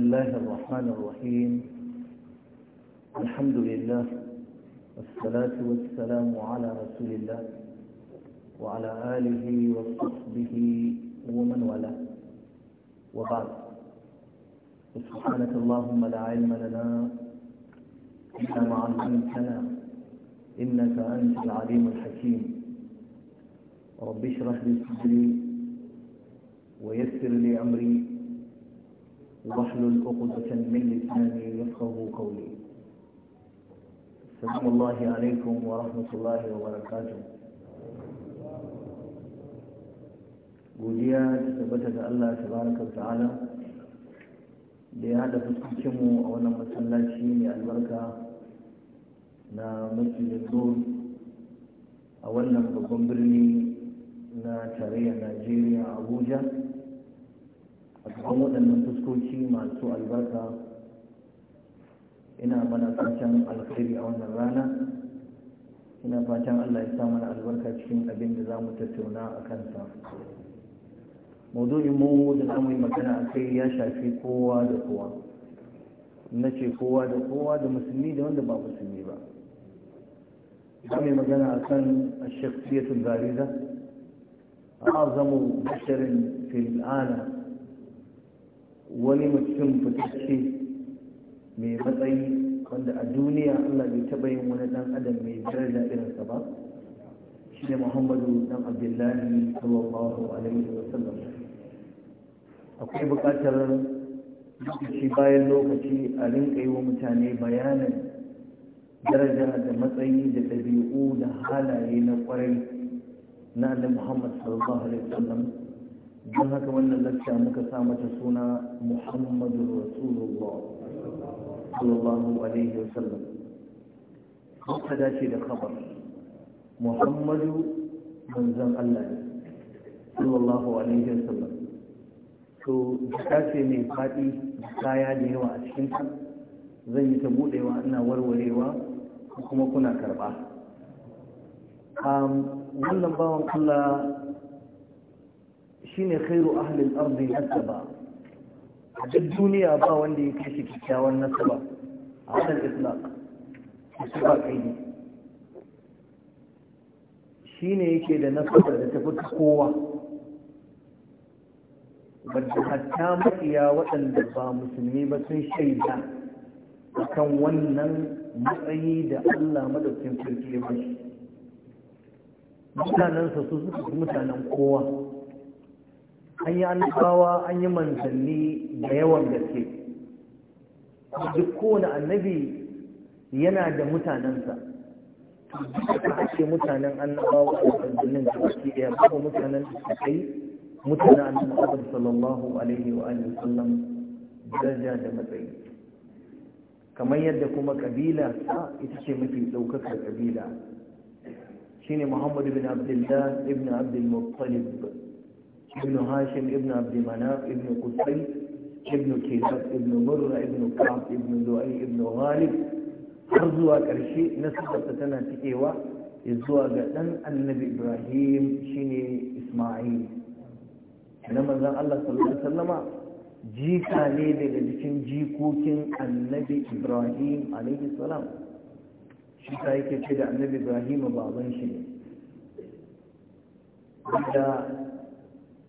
بسم الله الرحمن الرحيم الحمد لله والصلاة والسلام على رسول الله وعلى آله وصحبه ومن والاه وبعد سبحانك اللهم لا علم لنا إلا ما علمتنا إنك أنت العليم الحكيم رب اشرح لي صدري ويسر لي أمري واحلل عقدة من لساني يفقه قولي السلام الله عليكم ورحمة الله وبركاته godiya ta tabbata ga Allah tabaraka wa ta'ala da ya haɗa fuskokinmu a wannan masallaci mai albarka na masjidin nur a wannan babban birni na tarayyar najeriya abuja cikin waɗannan fuskoki masu albarka ina mana fatan alkhairi a wannan rana ina fatan allah ya sa mana albarka cikin abin da za mu tattauna a kansa maudu'in mu da za mu yi magana a kai ya shafi kowa da kowa na ce kowa da kowa da musulmi da wanda ba musulmi ba za mu yi magana a kan shakfiyatul gariza a azamu basharin fil'ana wani mutum fitacce mai matsayi wanda a duniya Allah bai taɓa yin wani ɗan adam mai daraja irinsa ba shi ne muhammadu ɗan abdullahi sallallahu alaihi wa sallam akwai buƙatar lokaci bayan lokaci a rinƙa yi wa mutane bayanin daraja da matsayi da ɗabi'u da halaye na ƙwarai na annabi muhammad sallallahu alaihi wa sallam don haka wannan lakta muka sa mata suna muhammadu rasulullah sallallahu alaihi sallam haka dace da khabar muhammadu manzan allah ne sallallahu alaihi sallam to jika ce mai faɗi kaya da yawa a cikin ta zan yi ta buɗewa ina warwarewa kuma kuna karɓa wannan bawan allah shine khairu ahlil ardi nasaba a duk duniya ba wanda ya kai shi kyakkyawan nasaba a wannan islaq shi ba kai ne yake da nasaba da tafi ta kowa wadda hatta maƙiya waɗanda ba musulmi ba sun shaida a kan wannan matsayi da allah madaukin sarki ya bashi mutanensa su suka mutanen kowa an yi annabawa an yi manzanni da yawan gaske duk kowane annabi yana da mutanensa duka ake mutanen annabawa da manzannin da wasu ɗaya babu mutanen da suka kai mutanen annabawa sallallahu alaihi wa alihi sallam daraja da matsayi kamar yadda kuma kabila sa ita ce mafi ɗaukakar kabila shine Muhammadu bin abdullah ibn abdul muttalib ابن هاشم ابن عبد مناف ابن قصي ابن كيلاب ابن مرة ابن كعب ابن لؤي ابن غالب har zuwa ƙarshe nasabarta tana cikewa ya zuwa ga ɗan annabi ibrahim shine isma'il na manzan allah sallallahu alaihi wasallama jika ne daga jikin jikokin annabi ibrahim alaihi salam shi ta yake ce da annabi ibrahim baban shi ne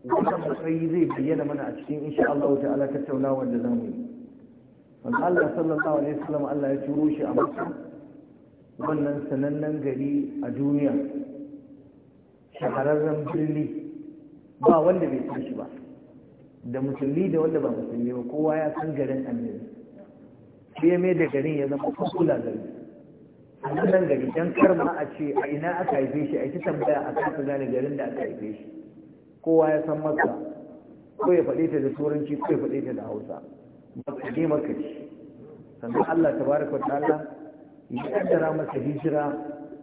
wannan matsayi zai bayyana mana a cikin insha Allah ta'ala tattaunawar da zamu yi wanda Allah sallallahu alaihi wasallam Allah ya turo shi a Makka wannan sanannen gari a duniya shahararren birni ba wanda bai san shi ba da musulmi da wanda ba musulmi ba kowa ya san garin annabi shi ya mai da garin ya zama kula gari a nan gari don karma a ce a ina aka haife shi a ita tambaya a kan gane garin da aka haife shi kowa ya san maka ko ya faɗe ta da turanci ko ya faɗe ta da hausa masu ne maka ce sannan allah ta wa ta'ala ya ƙaddara masa hijira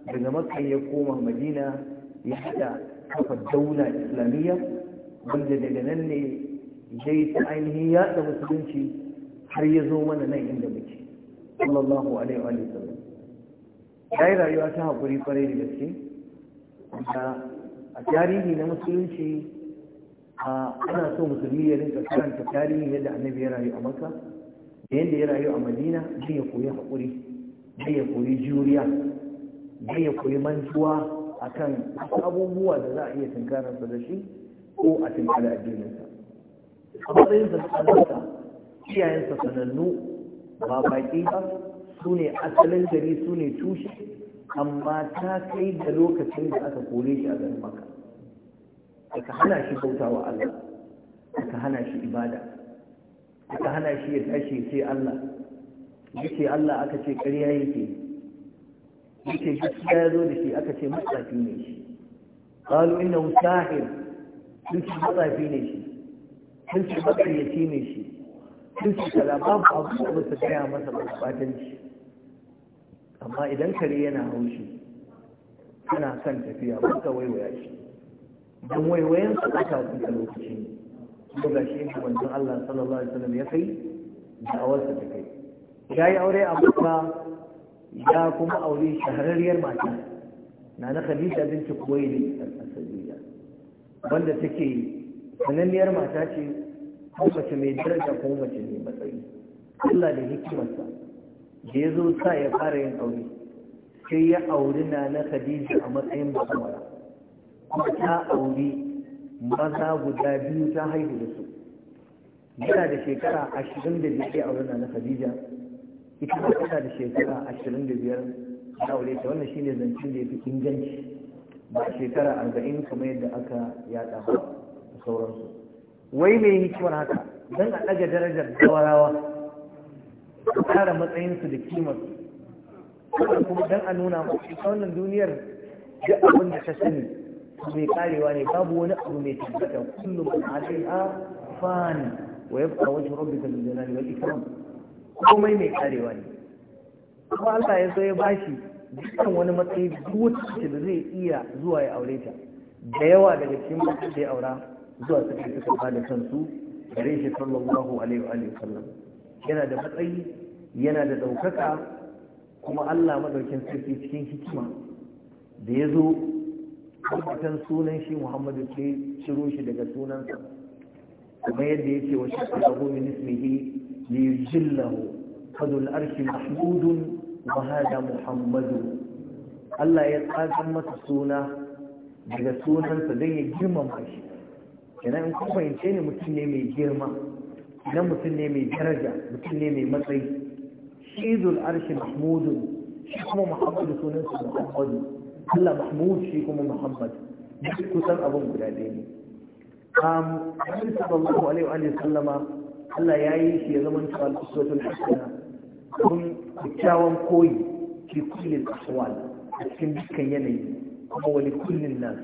daga maka ya koma madina ya haɗa kafa daula islamiyya wanda daga nan ne yi ta ainihin yaɗa musulunci har ya zo mana nan inda muke sallallahu alaihi wa sallam ya yi rayuwa ta haƙuri kwarai da gaske a tarihi na musulunci ana so musulmi ya rinka karanta tarihi yadda annabi ya rayu a maka da yadda ya rayu a madina zai ya koyi haƙuri zai ya koyi juriya zai ya koyi mantuwa a kan abubuwa da za a iya tunkararsa da shi ko a tunkara addininsa a matsayinsa na albarka iyayensa sanannu ba baƙi ba su ne asalin gari su ne tushe amma ta kai da lokacin da aka kore shi a garin maka aka hana shi bauta wa Allah aka hana shi ibada aka hana shi ya tashi sai Allah yake Allah aka ce ƙarya yake yake gaskiya ya zo da shi aka ce matsafi ne shi qalu innahu sahir sun ce matsafi ne shi sun ce matsayyaci ne shi sun ce kaza babu abu da ba su gaya masa ba fatanci amma idan kare yana haushi kana kan tafiya ba ka waiwaya shi don waiwayen su aka fi a lokacin ko ga shi ne Allah sallallahu alaihi wasallam ya kai awarsa ta kai ya yi aure a mutuwa ya kuma aure shahararriyar mata na na Khadija binti Kuwaili al-Asadiyya wanda take sananniyar mata ce ko mace mai daraja ko mace mai matsayi Allah da hikimarsa da ya zo sa ya fara yin aure sai ya auri na na Khadija a matsayin bakwara kuma ta aure maza guda biyu ta haihu da su yana da shekara ashirin da biyu a wurin na Khadija ita ma tana da shekara ashirin da biyar ta aure ta wannan shine zancen da ya fi inganci ba shekara arba'in kamar yadda aka yada ba da sauransu wai me hikimar haka don a ɗaga darajar gawarawa a ƙara matsayinsu da kimar kuma don a nuna masu wannan duniyar da abin da ta sani mai karewa ne babu wani abu mai tabbata kullum man a fani wa yabqa wajhu rabbika dhul jalali wal ikram komai mai karewa ne kuma Allah ya so ya bashi dukkan wani matsayi duk wata da zai iya zuwa ya aure ta da yawa daga cikin mutum da ya aura zuwa suka yi suka da kansu gare shi sallallahu alaihi wa sallam yana da matsayi yana da ɗaukaka kuma Allah madaukin sarki cikin hikima da ya zo ambatan sunan shi muhammadu ke ciro shi daga sunansa kuma yadda yake wa shakkarahu min ismihi li yujillahu fadul arshi mahmudun wa hada muhammadu Allah ya tsakan masa suna daga sunansa don ya girmama shi kenan in kun fahimce ne mutum ne mai girma idan mutum ne mai daraja mutum ne mai matsayi shi zul arshi mahmudun shi kuma muhammadu sunansa muhammadu Allah Mahmud shi kuma Muhammad duk kusan abin guda ɗaya ne um sallallahu alaihi wa sallama Allah ya yi shi ya zama cewa uswatul hasana kun kyakkyawan koyi ke kullin ahwal a cikin dukkan yanayi kuma wani kullin nan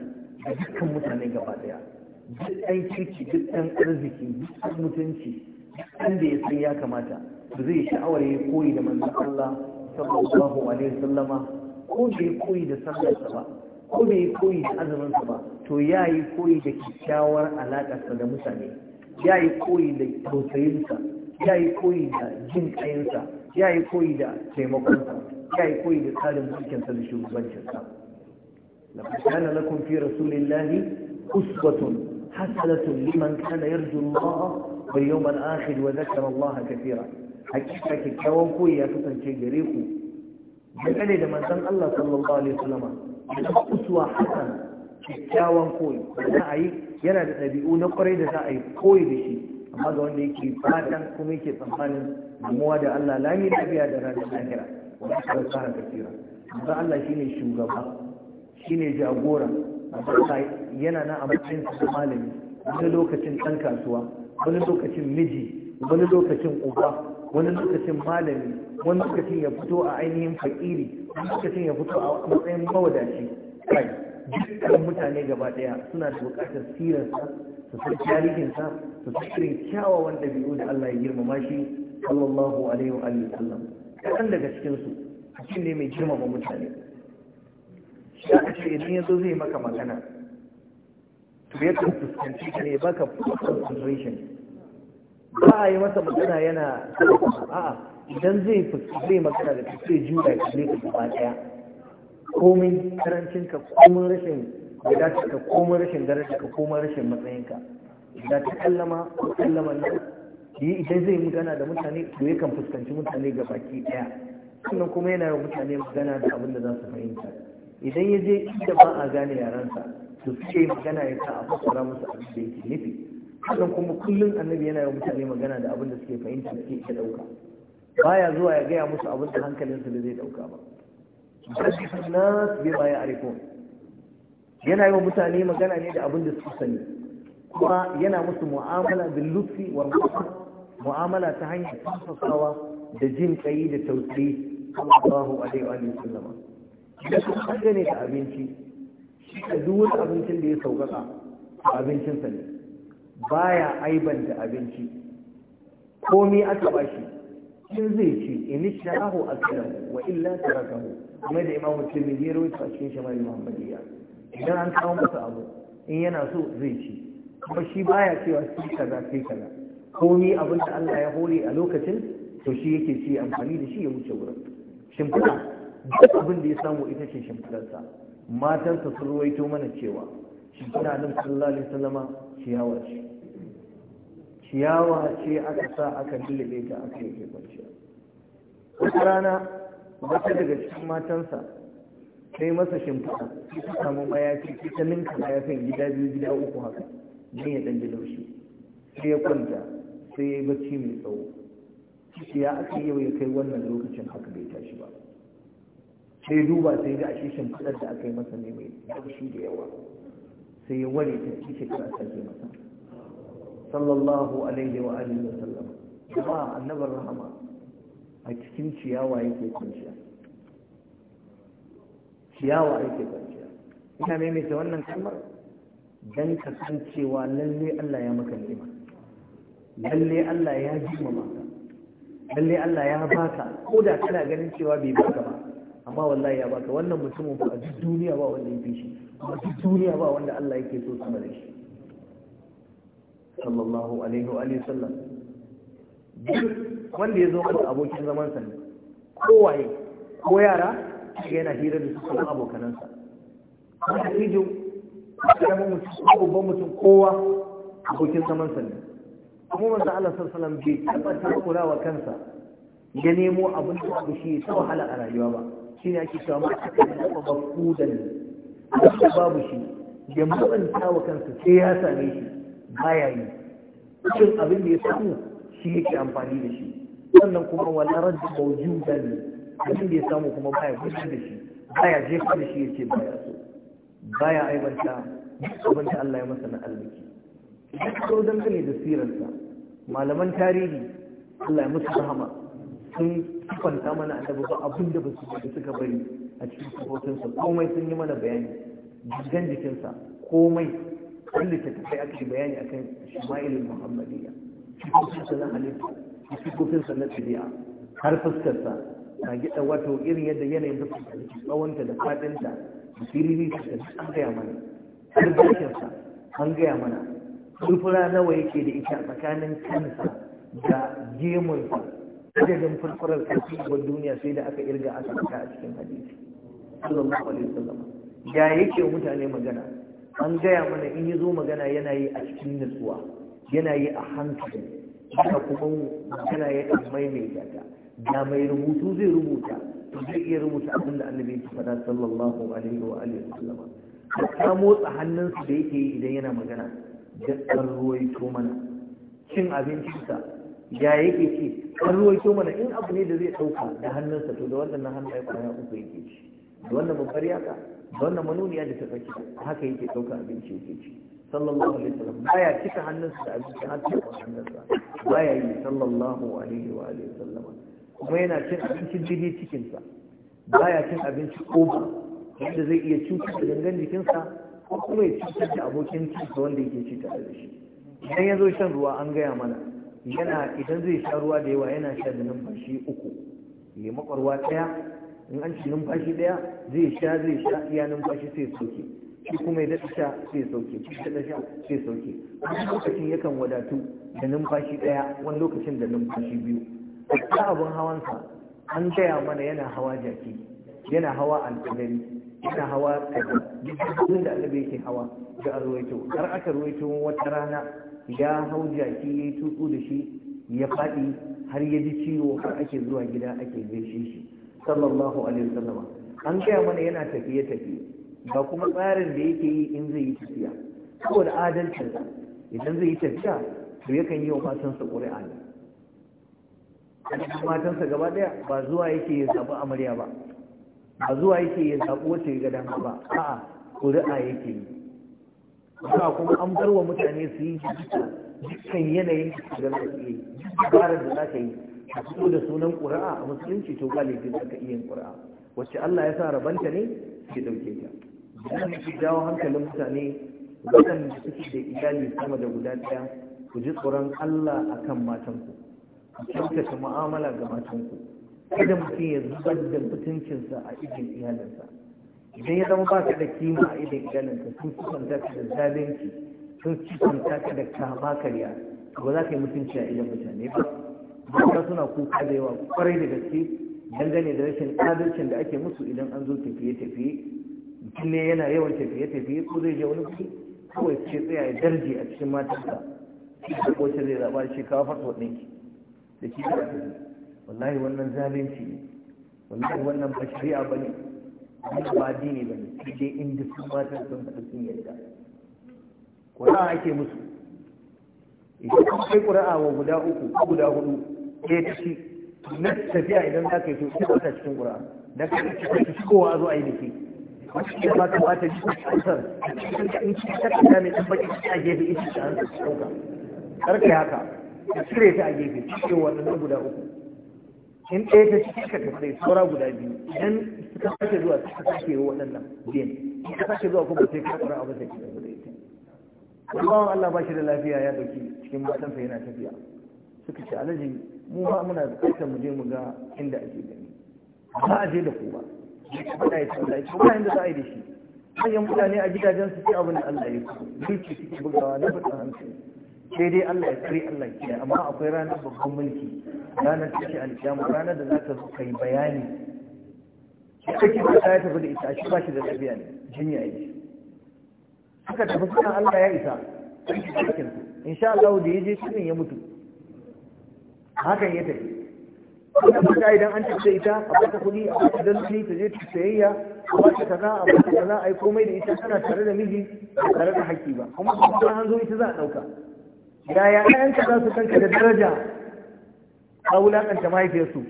a dukkan mutane gaba ɗaya duk ɗan kirki duk ɗan arziki duk ɗan mutunci duk ɗan da ya san ya kamata ba zai sha'awar ya koyi da manzan Allah sallallahu alaihi wa sallama ko bai koyi da sallarsa ba ko bai koyi da azuminsa ba to ya yi koyi da kyakkyawar alaƙarsa da mutane ya yi koyi da tausayinsa ya yi koyi da jin ƙayinsa ya yi koyi da taimakonsa ya yi koyi da tsarin mulkinsa da shugabancinsa لقد كان لكم في رسول الله أسوة حسنة لمن كان يرجو الله واليوم الآخر وذكر الله كثيرا حقيقة كيكاوان كوي يا كسان شيء dangane da manzan Allah sallallahu alaihi Wasallama da uswa hasan kyakkyawan koyi da za a yi yana da ɗabi'u na kwarai da za a yi koyi da shi amma ga wanda yake fatan kuma yake tsammanin damuwa da Allah lami lafiya da ranar lahira wani kawai tsara kafira amma Allah shi ne shugaba shi ne jagora yana na a matsayin su malami wani lokacin ɗan kasuwa wani lokacin miji wani lokacin uba wani lokacin malami wani lokacin ya fito a ainihin fakiri wani lokacin ya fito a matsayin mawadaci kai dukkan mutane gaba daya suna da bukatar sirarsa su san tarihinsa su san irin kyawawan dabi'u da Allah ya girmama shi sallallahu alaihi wa sallam kaɗan daga cikinsu cikin ne mai girmama mutane shi aka ce idan ya zo zai maka magana to yakan fuskanci ka ne baka full concentration ba a yi masa magana yana a'a idan zai zai magana da ka juna juya ka ne ka gaba daya komai karancin ka komai rashin wadatar ka komai rashin daraja ka komai rashin matsayinka da ta kallama ko kallama nan yi idan zai magana da mutane to yakan fuskanci mutane ga baki daya sannan kuma yana yi mutane magana da abin da za su fahimta idan ya je inda ba a gane yaransa to suke magana ya sa a fassara musu abin da yake nufi hakan kuma kullum annabi yana yi mutane magana da abin da suke fahimta suke iya ɗauka baya zuwa ya gaya musu abin da hankalinsu da zai ɗauka ba nas yana yi wa mutane magana ne da abin da suka sani kuma yana musu mu'amala da lufi wa mu'amala ta hanyar tafasawa da jin kai da tausayi kuma sallallahu alaihi wa sallama da kan ne da abinci shi ka duk wani abincin da ya sauƙaƙa abincinsa ne baya aibanta abinci komai aka bashi in zai ce in sha'ahu akalahu wa illa tarakahu kuma da imamu tirmidhi rawaita a cikin shamari muhammadiyya idan an kawo masa abu in yana so zai ci kuma shi baya cewa sai kaza sai kaza komai abin da Allah ya hore a lokacin to shi yake ci amfani da shi ya wuce wurin shimfiɗa duk abin da ya samu ita ce shimfiɗarsa Matarsa sun ruwaito mana cewa shimfiɗa nan sallallahu alaihi wasallama ciyawar ce ciyawa ce aka sa aka lullube ta aka ke kwanciya wata rana wata daga cikin matansa sai masa shimfiɗa sai ta samu mayafi sai ta ninka mayafin gida biyu gida uku haka don ya ɗan laushi sai ya kwanta sai ya yi bacci mai tsawo ciki ya aka yau ya kai wannan lokacin haka bai tashi ba sai duba sai ga ashe shimfiɗar da aka yi masa ne mai laushi da yawa sai ya ware ta ciki ta sake masa sallallahu alaihi wa alihi wa sallam jama'a annabar rahama a cikin ciyawa yake kwanciya ciyawa yake kwanciya ina maimaita wannan kalmar dan ka san cewa lalle Allah ya maka ni'ima lalle Allah ya jimama maka. lalle Allah ya baka ko da kana ganin cewa bai baka ba amma wallahi ya baka wannan mutumin fa a duniya ba wanda ya fi shi a duk duniya ba wanda Allah yake so su da shi sallallahu alaihi wa alihi sallam wanda ya zo kan abokin zaman sa kowaye ko yara yana hira da su kan abokanansa wanda ido karamin mutum ko babban mutum kowa abokin zaman sa ne kuma manzo Allah sallallahu alaihi wasallam bai taba takura wa kansa ya nemo abin da abu shi ta wahala a rayuwa ba shine ake cewa ma ta taba bakudan babu shi ya mutunta wa kansa sai ya same shi baya yi cin abin da ya samu shi yake amfani da shi sannan kuma wala rajin ne. abin da ya samu kuma baya gudu da shi baya jefa da shi yace baya so baya aibanta abin da Allah ya masa na arziki idan ka dangane da sirarsa malaman tarihi Allah ya musu rahama sun kwanta mana annabi ba abin da ba da suka bari a cikin sufofinsa komai sun yi mana bayani jikin jikinsa komai wanda ta tafi aka yi bayani akan shama'ilin muhammadiyya sifofinsa na halitta da sifofinsa na tabi'a har fuskarsa na gida wato irin yadda yanayin fuskarsa da tsawonta da fadinta da filili ta an gaya mana har bakinsa an gaya mana furfura nawa yake da ita tsakanin kansa da gemunsa adadin furfurar kafi wa duniya sai da aka irga aka a cikin hadisi sallallahu alaihi wasallam ya yake mutane magana an gaya mana in yi zo magana yana yi a cikin nutsuwa yana yi a hankali haka kuma magana ya kan maimaita ta da mai rubutu zai rubuta to zai iya rubuta abin da annabi ya faɗa sallallahu alaihi wa alihi wasallam ta motsa hannunsa da yake yi idan yana magana da an mana cin abincinsa ya yake ce an ruwaito mana in abu ne da zai ɗauka da hannunsa to da wannan hannun ya kwaya uku yake ci da wannan babbar yaka wannan manuniya da ta tsaki haka yake ɗauka abinci yake ci sallallahu alaihi wasallam baya cika hannunsa da abinci har cika hannunsa baya yi sallallahu alaihi wa alihi wasallam kuma yana cin abincin daidai cikinsa baya cin abinci koba wanda zai iya cutar da gangan jikinsa ko kuma ya cutar da abokin da wanda yake ci tare da shi idan ya zo shan ruwa an gaya mana yana idan zai sha ruwa da yawa yana sha da numfashi uku ya makwarwa ɗaya in an ci numfashi daya zai sha zai sha iya numfashi sai sauke. shi kuma ya daɗa sha sai sauke. shi daɗa sha sai sauke. wani lokacin yakan wadatu da numfashi daya wani lokacin da numfashi biyu ta abin hawansa an gaya mana yana hawa jaki yana hawa alfadari yana hawa kaza da annabi yake hawa ga a ruwaito har aka ruwaito wata rana ya hau jaki ya yi tutsu da shi ya faɗi har ya ji ciwo har ake zuwa gida ake gaishe shi sallallahu alaihi wasallam an gaya mana yana tafiye tafiye ba kuma tsarin da yake yi in zai yi tafiya saboda adalcin idan zai yi tafiya to yakan yi wa matansa ƙuri'a ne a matansa gaba ɗaya ba zuwa yake ya zaɓi amarya ba ba zuwa yake ya zaɓi wace ga ba a'a ƙuri'a yake yi ba kuma an bar wa mutane su yi dukkan yanayin da za su yi duk da za ka yi a fito da sunan ƙura'a a musulunci to galibin da ka iya ƙura'a wacce Allah ya sa rabanta ne ke ɗauke ta idan ke jawo hankalin mutane da suke da iyali sama da guda ɗaya ku ji tsoron Allah a kan matanku ku kyautata mu'amala ga matanku kada mutum ya zubar da mutuncinsa a idin iyalinsa idan ya zama ka da kima a idon iyalinka sun kusanta ka da zalunci sun kusanta ka da kama karya ba za ka yi mutunci a idin mutane ba ba suna kuka da yawa kwarai da gaske dangane da rashin adalcin da ake musu idan an zo tafiye-tafiye jinne ne yana yawan tafiye-tafiye ko zai je wani kuɗi kawai ce tsaya ya darje a cikin matarsa shi da kowace zai zaɓa shi kawo farko ɗinki da shi da ake wallahi wannan zalunci ne wallahi wannan ba shari'a ba ne wannan ba addini ba ne sai dai inda sun matan sun faɗi sun yarda ƙura'a ake musu idan kuma kai ƙura'a wa guda uku ko guda hudu ɗaya ta shi, na tafiya idan za ka yi to wata cikin ƙura'an da ka ci ta kowa zuwa zo a yi biki wata ke ba ta bata ji kusan in ci ta kanta mai ɗan baki a gefe ita ta hanzu ta ɗauka karka haka ka cire ta a gefe cikin waɗannan guda uku in ɗaya ta cikin ka tafi saura guda biyu idan suka sake zuwa suka sake yi waɗannan biyan suka sake zuwa kuma sai ka ƙura abu sai ka tafi da ita Allah Allah ba shi da lafiya ya ɗauki cikin matansa yana tafiya suka ce alaji mu ba muna bukatar mu je mu ga inda ake gani ba a je da ku ba faɗa ya tsalla ya ba inda za a yi da shi manyan mutane a gidajen su ce abin da Allah ya ku mulki suke bugawa na fitan hankali sai dai Allah ya kare Allah ya amma akwai ranar babban mulki ranar tashi alkiyama ranar da za ka zo kai bayani Ya kake ba ta tafi da ita shi ba shi da tafiya ne jinya yi. suka tafi suna Allah ya isa cikin in sha Allah da ya je cikin ya mutu hakan ya tafi ba ta idan an tafi ita a bata kuɗi a bata dalci ta je ta sayayya a bata kaza a bata kaza a yi komai da ita tana tare da miji ba tare da haƙƙi ba kuma kuma an hanzo ita za a ɗauka yaya ƴaƴanka za su kanka da daraja a wulaƙanta mahaifiyarsu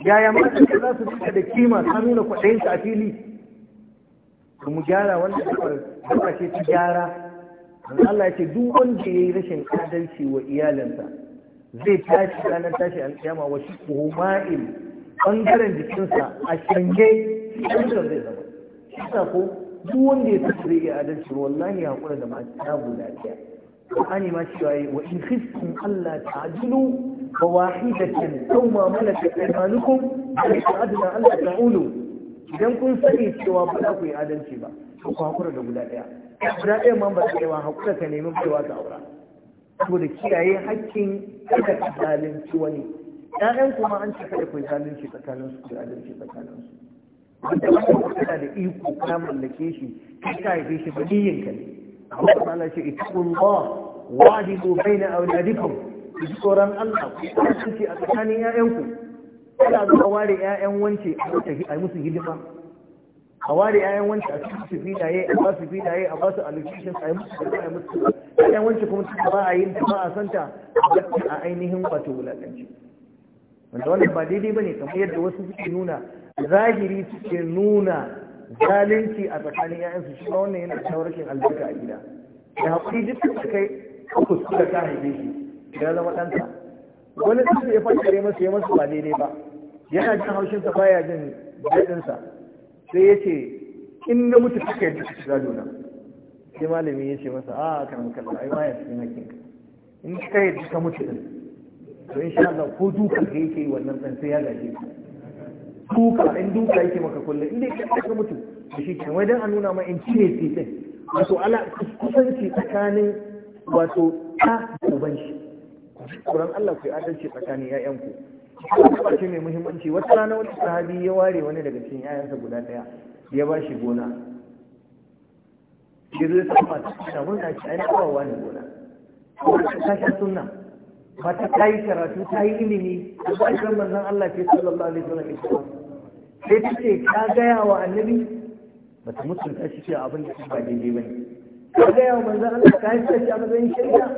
yaya matanka za su kanka da kima ta nuna kwaɗayinsu a fili to mu gyara fara dabbar ce ta gyara Allah ya ce duk wanda ya yi rashin adalci wa iyalinsa zai tashi ranar tashi alkiyama wa shi ma'il bangaren jikinsa a shanye jikinsa zai zama shi sa ko duk wanda ya tashi zai iya adalci wallahi ya haƙura da mata guda ɗaya Qur'ani ma cewa yi wa in khiftum Allah ta'jilu wa wahidatan aw ma malakat aymanukum fa adna Allah ta'ulu idan kun sani cewa ba za ku yi adalci ba to ku haƙura da guda ɗaya guda ɗaya ma ba ta yi wa haƙura ka nemi cewa ka aura saboda kiyaye hakkin kada ka zalunci wani ƴaƴan kuma an ce kada ku zalunci tsakanin su da zalunci tsakanin su wanda wannan kana da iko ka mallake shi kai ka kaife shi niyyan ka ne amma kuma Allah ce na aure baina awladikum ku tsoron Allah ku kasance a tsakanin ku. kada ga ware ƴaƴan wance a musu hidima a ware ƴaƴan wance a cikin su fidaye a ba su fidaye a ba su allocations a yi musu a yi musu yan wancan kuma ta ba a yin ta ba a santa a ainihin wato wulakanci wanda wanda ba daidai ba ne kamar yadda wasu suke nuna zahiri suke nuna zalunci a tsakanin ƴaƴansu shi ma wannan yana da rashin albarka a gida da haƙuri duk da kai ka suka ta haife shi ya zama ɗanka wani sun ya kare masa ya masa ba daidai ba yana jin haushinsa baya jin daɗinsa sai ya ce in na mutu kaka yadda kake gado sai malami ya ce masa ah, a karan kalla ai baya na hakkin in ka yi duka mutu din to sha Allah ko duka ka yake yi wannan dan sai ya gaje ka duka in duka yake maka kullum in dai ka ka mutu da shi ke wai don a nuna ma in fi titin wato ala kusanci tsakanin wato ta da uban shi kuran Allah ku adalci tsakanin ƴaƴanku kuma ce mai muhimmanci wata rana wani sahabi ya ware wani daga cikin ‘ya’yansa guda ɗaya ya ba shi gona ya zo ya samu masu suna murna shi ainihin kawawa ne gona ta sha suna, mata ta yi karatu ta yi ilimi da a ƙarshen manzon Allah ke sallallahu alaihi wasallam sai ta ce ta gaya wa annabi ba ta mutunta shi ce abin da shi ba daidai ba ne ka gaya wa manzon Allah ka haifar shi a matsayin shari'a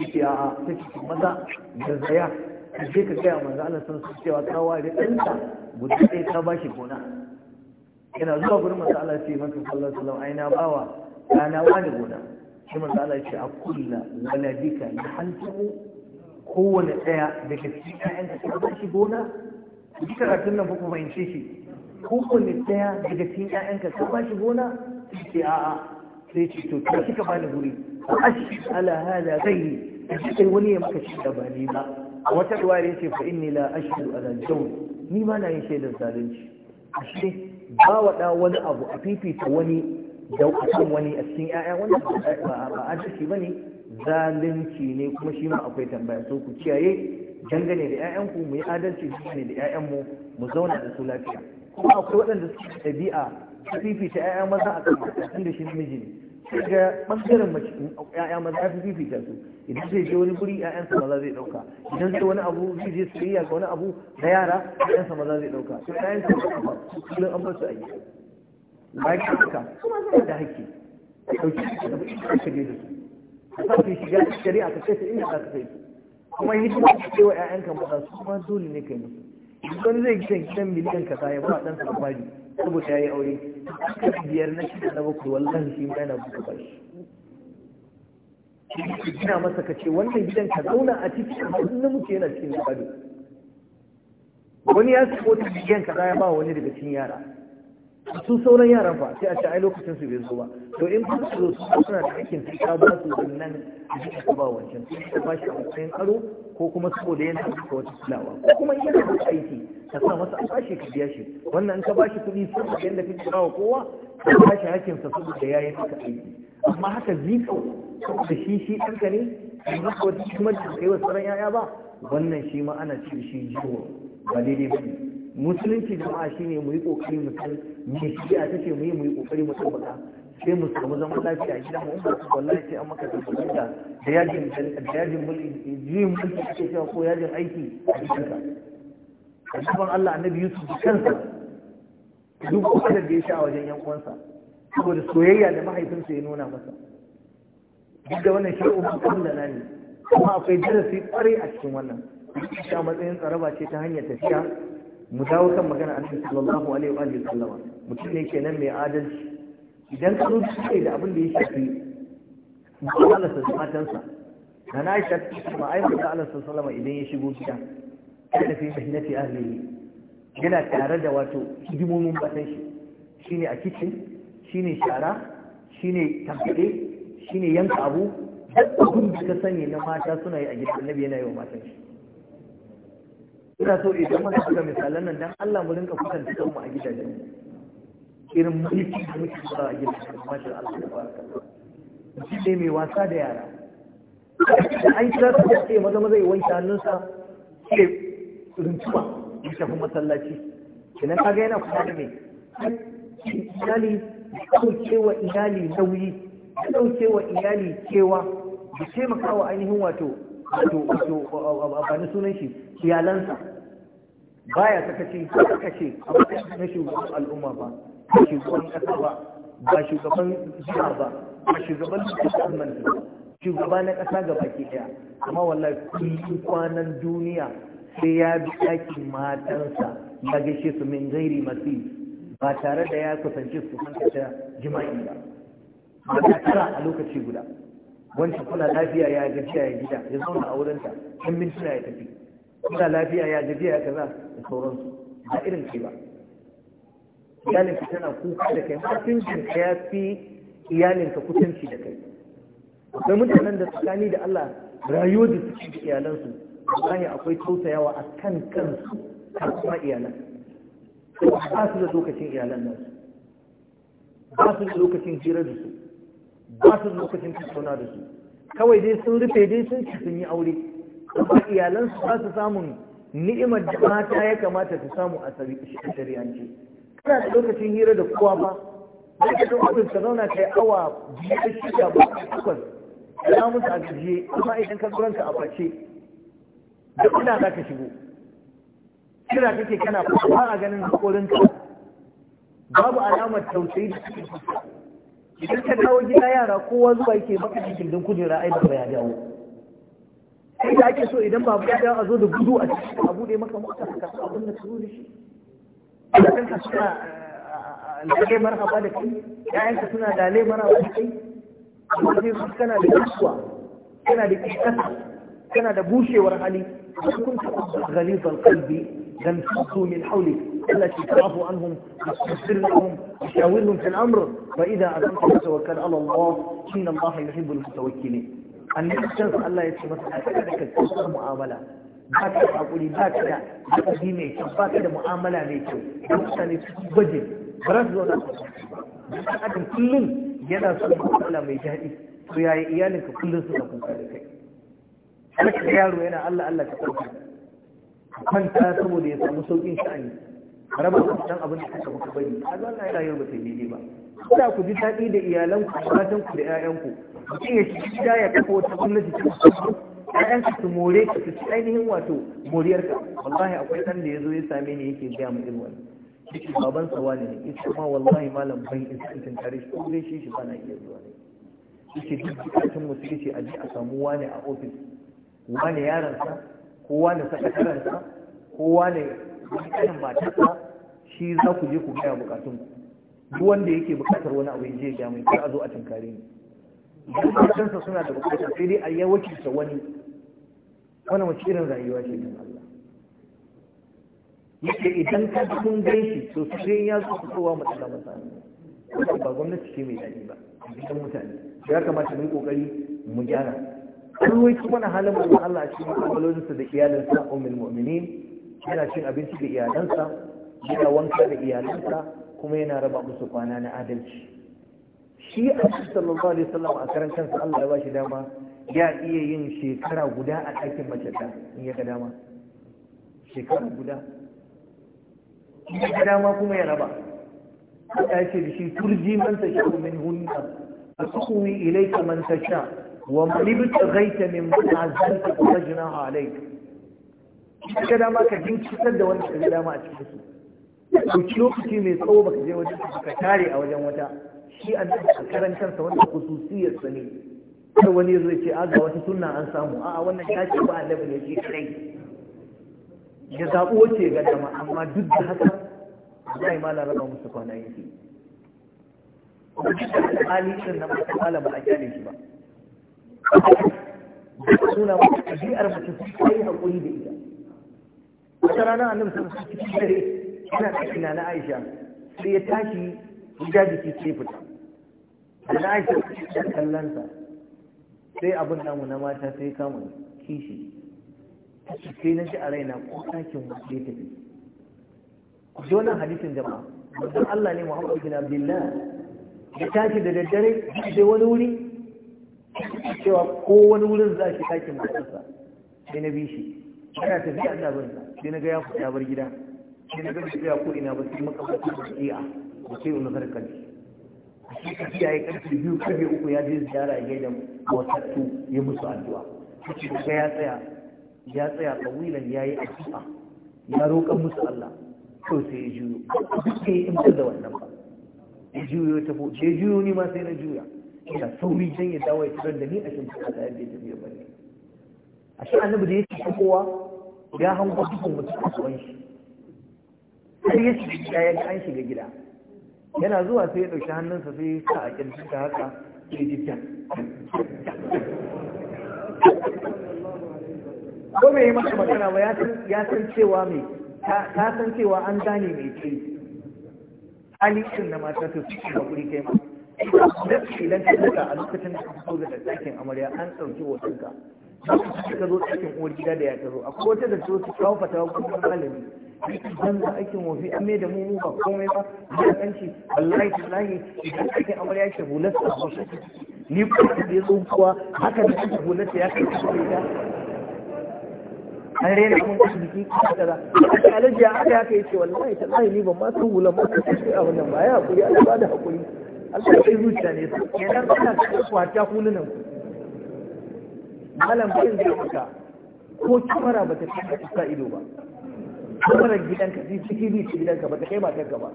shi ce a'a ta ce maza da zaya ka je ka gaya wa manzon Allah sun su cewa ta ware ɗansa guda ɗaya ta ba shi gona yana zuwa gurin manzon Allah ce masa sallallahu alaihi wasallam ai na bawa ɗana wani gona shi manzo Allah ce a kulla waladika na hantu kowane ɗaya daga cikin ƴaƴanka ka ba shi gona duk karatun nan ku fahimce shi kowane ɗaya daga cikin ƴaƴanka ka ba shi gona sai a'a sai ce to ka kika bani guri ashhadu ala hada a cikin wani ya maka shi da ba ni ba wata riwaya ce fa inni la ashhadu ala jawr ni ba na yin shaidar zalunci ashe ba wa da wani abu a fifita wani da kan wani a cikin ƴaƴa wannan ba adalci bane zalunci ne kuma shi ma akwai tambaya so ku kiyaye dangane da ƴaƴanku mu yi adalci dangane da ƴaƴanmu mu zauna da su lafiya kuma akwai waɗanda suke da ɗabi'a ta fifita ƴaƴa maza a kan mata da shi namiji ne sai daga ɓangaren mace ƴaƴa maza ya fi fifita su idan zai je wani guri ƴaƴansa maza zai ɗauka idan zai wani abu zai je soyayya ga wani abu na yara ƴaƴansa maza zai ɗauka to ƴaƴansa kullum an bar su a gida bayan suka kuma suna da haƙƙi a ɗauki da buɗe shige da su a sa shiga shari'a ka kai ta inda za ka kai su kuma hidima ka kai wa 'ya'yanka maza su kuma dole ne kai musu idan zai gidan gidan miliyan kaza ya ba ɗan sabari saboda ya yi aure kan biyar na shida na bakwai wallahi shi ma yana buɗe ba shi gina masa ka ce wannan gidan ka zauna a ciki a na muke yana cikin gado wani ya sako ta miliyan kaza ya ba wani daga cikin yara su sauran yaran fa sai a ce ai lokacin su bai zo ba to in kuma su zo suna da aikin sai ka ba su wannan da ka ba wancan sai ka ba shi a matsayin aro ko kuma saboda yana da wata kulawa ko kuma in yana da aiki ka sa masa a bashi ka biya shi wannan in ka bashi kuɗi sun da yanda kake ba wa kowa ka ba shi hakkin sa saboda yayin ka aiki amma haka zikau da shi shi ɗanka ne amma ko kuma da kai wa sauran yaya ba wannan shi ma ana ce shi jiwo ba daidai ba ne musulunci jama'a shine mu yi kokari mu san me shi'a take mu yi mu yi kokari mu baka sai mu samu zaman lafiya a gidan mu ba wallahi sai an maka da yajin da yajin mulki mulki ake cewa ko yajin aiki a gidanka cikin Allah annabi Yusuf kansa duk wanda da ya sha wajen yan uwansa saboda soyayya da mahaifinsa ya nuna masa duk da wannan shi'u kan da ne kuma akwai darasi kwarai a cikin wannan sha matsayin tsaraba ce ta hanyar tafiya mu dawo kan magana annabi sallallahu alaihi wa sallama mutum ne kenan mai adalci idan ka zo kai da abin da ya shafi mu'amalarsa da matansa na na aisha ma ai mu'amalarsa sallama idan ya shigo gida kada fi mahinati ahlihi yana tare da wato hidimomin matan shi shine a kitchen shine shara shine tambaye shine yanka abu duk abin da ka sani na mata suna yi a gidan annabi yana yi wa matan shi ina so idan mun ga misalan nan dan Allah mu rinka kwatanta kanmu a gidajen irin mulki da muke fara a gidajen masha Allah tabaraka shi ne mai wasa da yara da an kira su ke maza maza ya wanke hannunsa ke runtuma ya tafi masallaci kenan kaga yana kuma da mai iyali dauke wa iyali nauyi da ɗauke wa iyali cewa da taimakawa ainihin wato wato wato amfani sunan shi iyalansa baya sakaci ko kashe a matsayin na shugaban al'umma ba ba shugaban kasa ba ba shugaban jiha ba ba shugaban ba shugaba na kasa ga baki ɗaya amma wallahi kullum kwanan duniya sai ya bi ɗakin matansa ya gaishe su min gairi masu ba tare da ya kusance su ta jima'i ba ba ta tara a lokaci guda wancan kuna lafiya ya gajiya ya gida ya zauna a wurinta ɗan mintuna ya tafi kuna lafiya ya gajiya ya kaza da sauransu ba irin kai ba iyalinka tana kuka da kai ka ya fi iyalinka kusanci da kai akwai mutanen da tsakani da Allah rayuwa da suke da iyalansu wallahi akwai tausayawa a kan kansu har kuma iyalan ba su da lokacin iyalan nan ba su da lokacin hira da su ba su da lokacin tattauna da su kawai dai sun rufe dai sun ci sun yi aure kuma iyalansu ba su samun ni'imar da mata ya kamata su samu a shari'ance kana da lokacin hira da kowa ba zai ka zama ofis ka zauna kai awa biyu biyar shida ba takwas ya musu a gajiye kuma idan ka ranka a bace da kuna za ka shigo kira kake kana ba a ganin hakorinka babu alamar tausayi da cikin idan ka kawo gida yara kowa zuwa yake baka cikin kujera ai ba ya dawo kai da ake so idan babu ya dawo a zo da gudu a cikin a bude maka mota ka kasu abin da turu da shi da kanka suna lalai marhaba da kai ƴaƴanka suna lalai marhaba da kai amma sai su kana da kasuwa kana da kishkata kana da bushewar hali كنت غليظ القلب لانفضوا من حولك التي تعف عنهم واستغفر لهم وشاورهم في الامر فاذا عزمت فتوكل على الله ان الله يحب المتوكلين annabi kansa Allah ya ce masa a kada ka kautar mu'amala ba ka da hakuri ba ka da hakuri mai kyau ba ka da mu'amala mai kyau da mutane su ci gwaje ba za su zauna su ba adam kullum yana son mu'amala mai daɗi to yaya iyalinka kullum suna kuka da kai kada ka yaro yana Allah Allah ka kautar kwanta saboda ya samu sauƙin sha'ani raba dan abin da kuka bari a zan yana rayuwar ba ta yi ba kuna ku ji daɗi da iyalanku matanku da 'ya'yanku mutum ya shiga gida ya kafa wata gwamnati ta ƴaƴanka su more ka su ci ainihin wato moriyarka wallahi akwai ɗan da ya zo ya same ni yake gaya mu irin wani yake baban sawa ne ita ma wallahi malam bai san in kare shi ko zai shi shi ba na iya zuwa ne yake duk bukatun mu suke a je a samu wani a ofis wani yaransa ko wani sakatarensa ko wani wani matarsa shi za ku je ku gaya bukatun ku duk wanda yake bukatar wani abu je ya mai kar a zo a tinkare ni duk kansa suna da bukatar sai dai a yi ta wani wannan wace irin rayuwa ce don Allah yake idan ka kun gaishe to sai ya ku kowa mu tsaka masa wannan ba gwamnati ce mai daɗi ba gidan mutane ya kamata mu yi kokari mu gyara an kuma na halin mu Allah a cikin sa da iyalinsa ummul mu'minin yana cin abinci da iyalansa yana wanka da iyalansa kuma yana raba musu kwana na adalci shi a sallallahu alaihi wasallam a karan kansa Allah ya ba shi dama ya iya yin shekara guda a ɗakin mace ta in ya ga dama shekara guda in ya ga dama kuma ya raba ya ce da shi turji man tasha min hunna asuwi ilayka man tasha wa man ibtaghaita min ma'azalika fajna alayka in ka dama ka jinkirtar da wani ka ga dama a cikin su ka ɗauki lokaci mai tsawo baka je wajen ka tare a wajen wata shi an a karantar sa wanda kususiyar sa ne kar wani zai ce a ga wata sunna an samu a'a wannan ya ce ba annabi ne ke kai ya zaɓo wace ga dama amma duk da haka zai ma na raba musu kwana yake kuma duk da ali irin na masu kala ba a kyale shi ba suna wata ɗabi'ar mace sun kai haƙuri da ita wata rana annabi sun cikin dare yana cikin na Aisha sai ya tashi ya jiki sai fita da Aisha ta kallanta sai abin namu na mata sai kama kishi sai na ji a raina ko sakin wace tafi. fi ji wannan hadisin jama'a wajen Allah ne muhammadu bin Abdullah ya tashi da daddare sai wani wuri cewa ko wani wurin za shi ɗakin sa, sai na bi shi yana tafiya abin sa, sai na ga ya fita bar gida sai na gaji tsaya ko ina ba yi maka wata tafiya da sai wani harkar a shi tafiya ya karfe biyu karfe uku ya je ziyara a gaida matattu ya musu addu'a kace ka ya tsaya ya tsaya kawilan ya yi addu'a ya roƙan musu Allah ko sai ya juyo duk sai ya imtar da wannan ba ya juyo ya tafi ya juyo ni ma sai na juya ina sauri can ya dawo ya tarar da ni a shimfiɗa da yadda tafi ba ne a shi annabi da ya ce kowa ya hango dukkan mutum a tsawon shi sai ya shiga ya an shiga gida yana zuwa sai ya ɗauki hannunsa sai ya sa a ta haka sai ji can. ko me yi masa magana ba ya san cewa mai ta san cewa an gane mai ke halittin na mata ta suke haƙuri kai ma dafi idan ka daga a lokacin da ka zo daga ɗakin amarya an ɗauki hotonka ka zo ɗakin uwar gida da ya ta zo akwai wata da su kawo fatawa kuma malami ban da aikin wofi an mai da mu ba komai ba da kanci wallahi wallahi idan aikin amarya ke shabu lasta ko shi ni ko da ya kuwa haka da shi shabu ya kai shi da an rena mun kashi jiki ka da alaji ya aka yake ce wallahi tallahi ni ban ma san hulan ba ce a wannan ba ya hakuri Allah ba da hakuri Allah ya zuciya ne kenan kana kwata hulunan malam bai zai ka ko kamara ba ta kai ido ba kamarar gidanka zai ciki zai ci gidanka ba ta kai matarka ba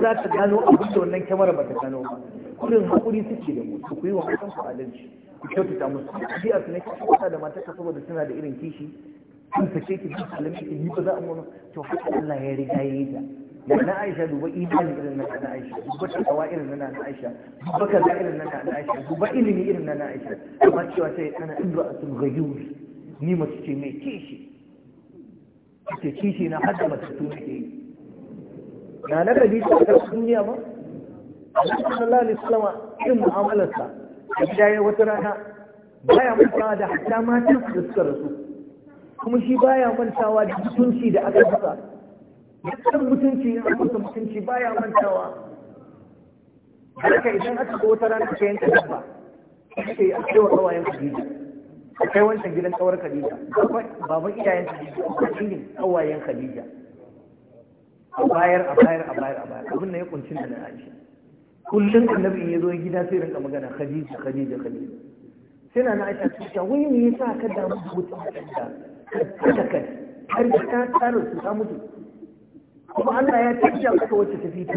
za ta gano abin da wannan kyamarar ba ta gano ba kullum haƙuri suke da mu su kuyi wa matan ku adalci ku kyautata musu shi a sunai kashi wata da matarka saboda suna da irin kishi sun sake ki duk halin ki yi ba za a mana to haka Allah ya riga ya yi ta da na Aisha duba imani irin na na Aisha duba takawa irin na na Aisha duba kaza irin na na Aisha duba ilimi irin na na Aisha amma cewa sai ana ibra asul ghayur ni mace ce mai kishi ake kishi na hada matattu ne ke na na bi ta ga duniya ba Allah sallallahu alaihi wasallam irin mu'amalarsa a gida ya wata rana baya mantawa da hatta matan da suka rasu kuma shi baya mantawa da mutunci da aka buka dukkan mutunci ya rubuta mutunci baya mantawa haka idan aka ga wata rana ka yanka dabba sai a cewa kawayen kujiji ka kai wancan gidan tsawar khadija baban iyayen khadija shi ne kawayen khadija a bayar a bayar a bayar a bayar abin nan ya kuncin da na aisha kullum annabi in ya zo gida sai rinka magana khadija khadija khadija sai na aisha ta ce wai me yasa ka damu da mutum da kada kai har ta tsara su ta mutu kuma Allah ya tafiya maka wacce ta fita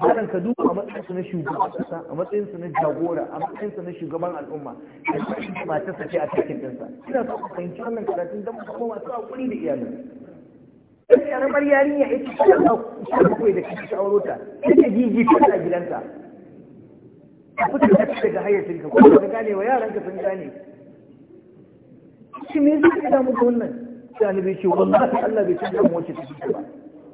malam ka duba a matsayinsu na shugaban kasa a matsayinsu na jagora a matsayinsu na shugaban al'umma da kuma mata sa ce a cikin ɗinsa, ina so ku fahimci wannan karatun dan kuma masu hakuri da iyalin dan karamar yarinya ita ce ta ku bakwai da kike shawaro ta kike gigi ta a gidanta ka fita da kike daga hayyacin ka ko ka gane wa yaran ka sun gane shi me zai ka damu da wannan sai bai ce wallahi Allah bai san wacce ta fita ba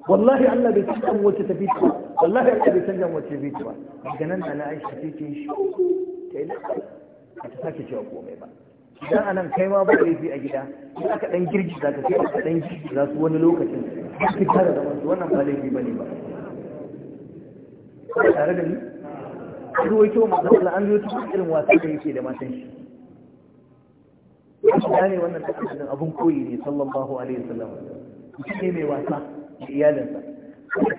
wallahi Allah bai san wacce ta fita ba Allah ya bai canza mace bai ci ba daga nan na aisha take ce shi ta yi ba ta sake cewa komai ba idan anan kai ma ba laifi a gida in aka dan girgi za ka sai aka dan girgi za su wani lokacin su kare da wasu wannan ba laifi ba ne ba ba tare da ni ruwaito ma da an zo cikin irin wasa da yake da matan shi ya ne wannan tsakankanin abun koyi ne sallallahu alaihi wasallam shi ne mai wasa da iyalinsa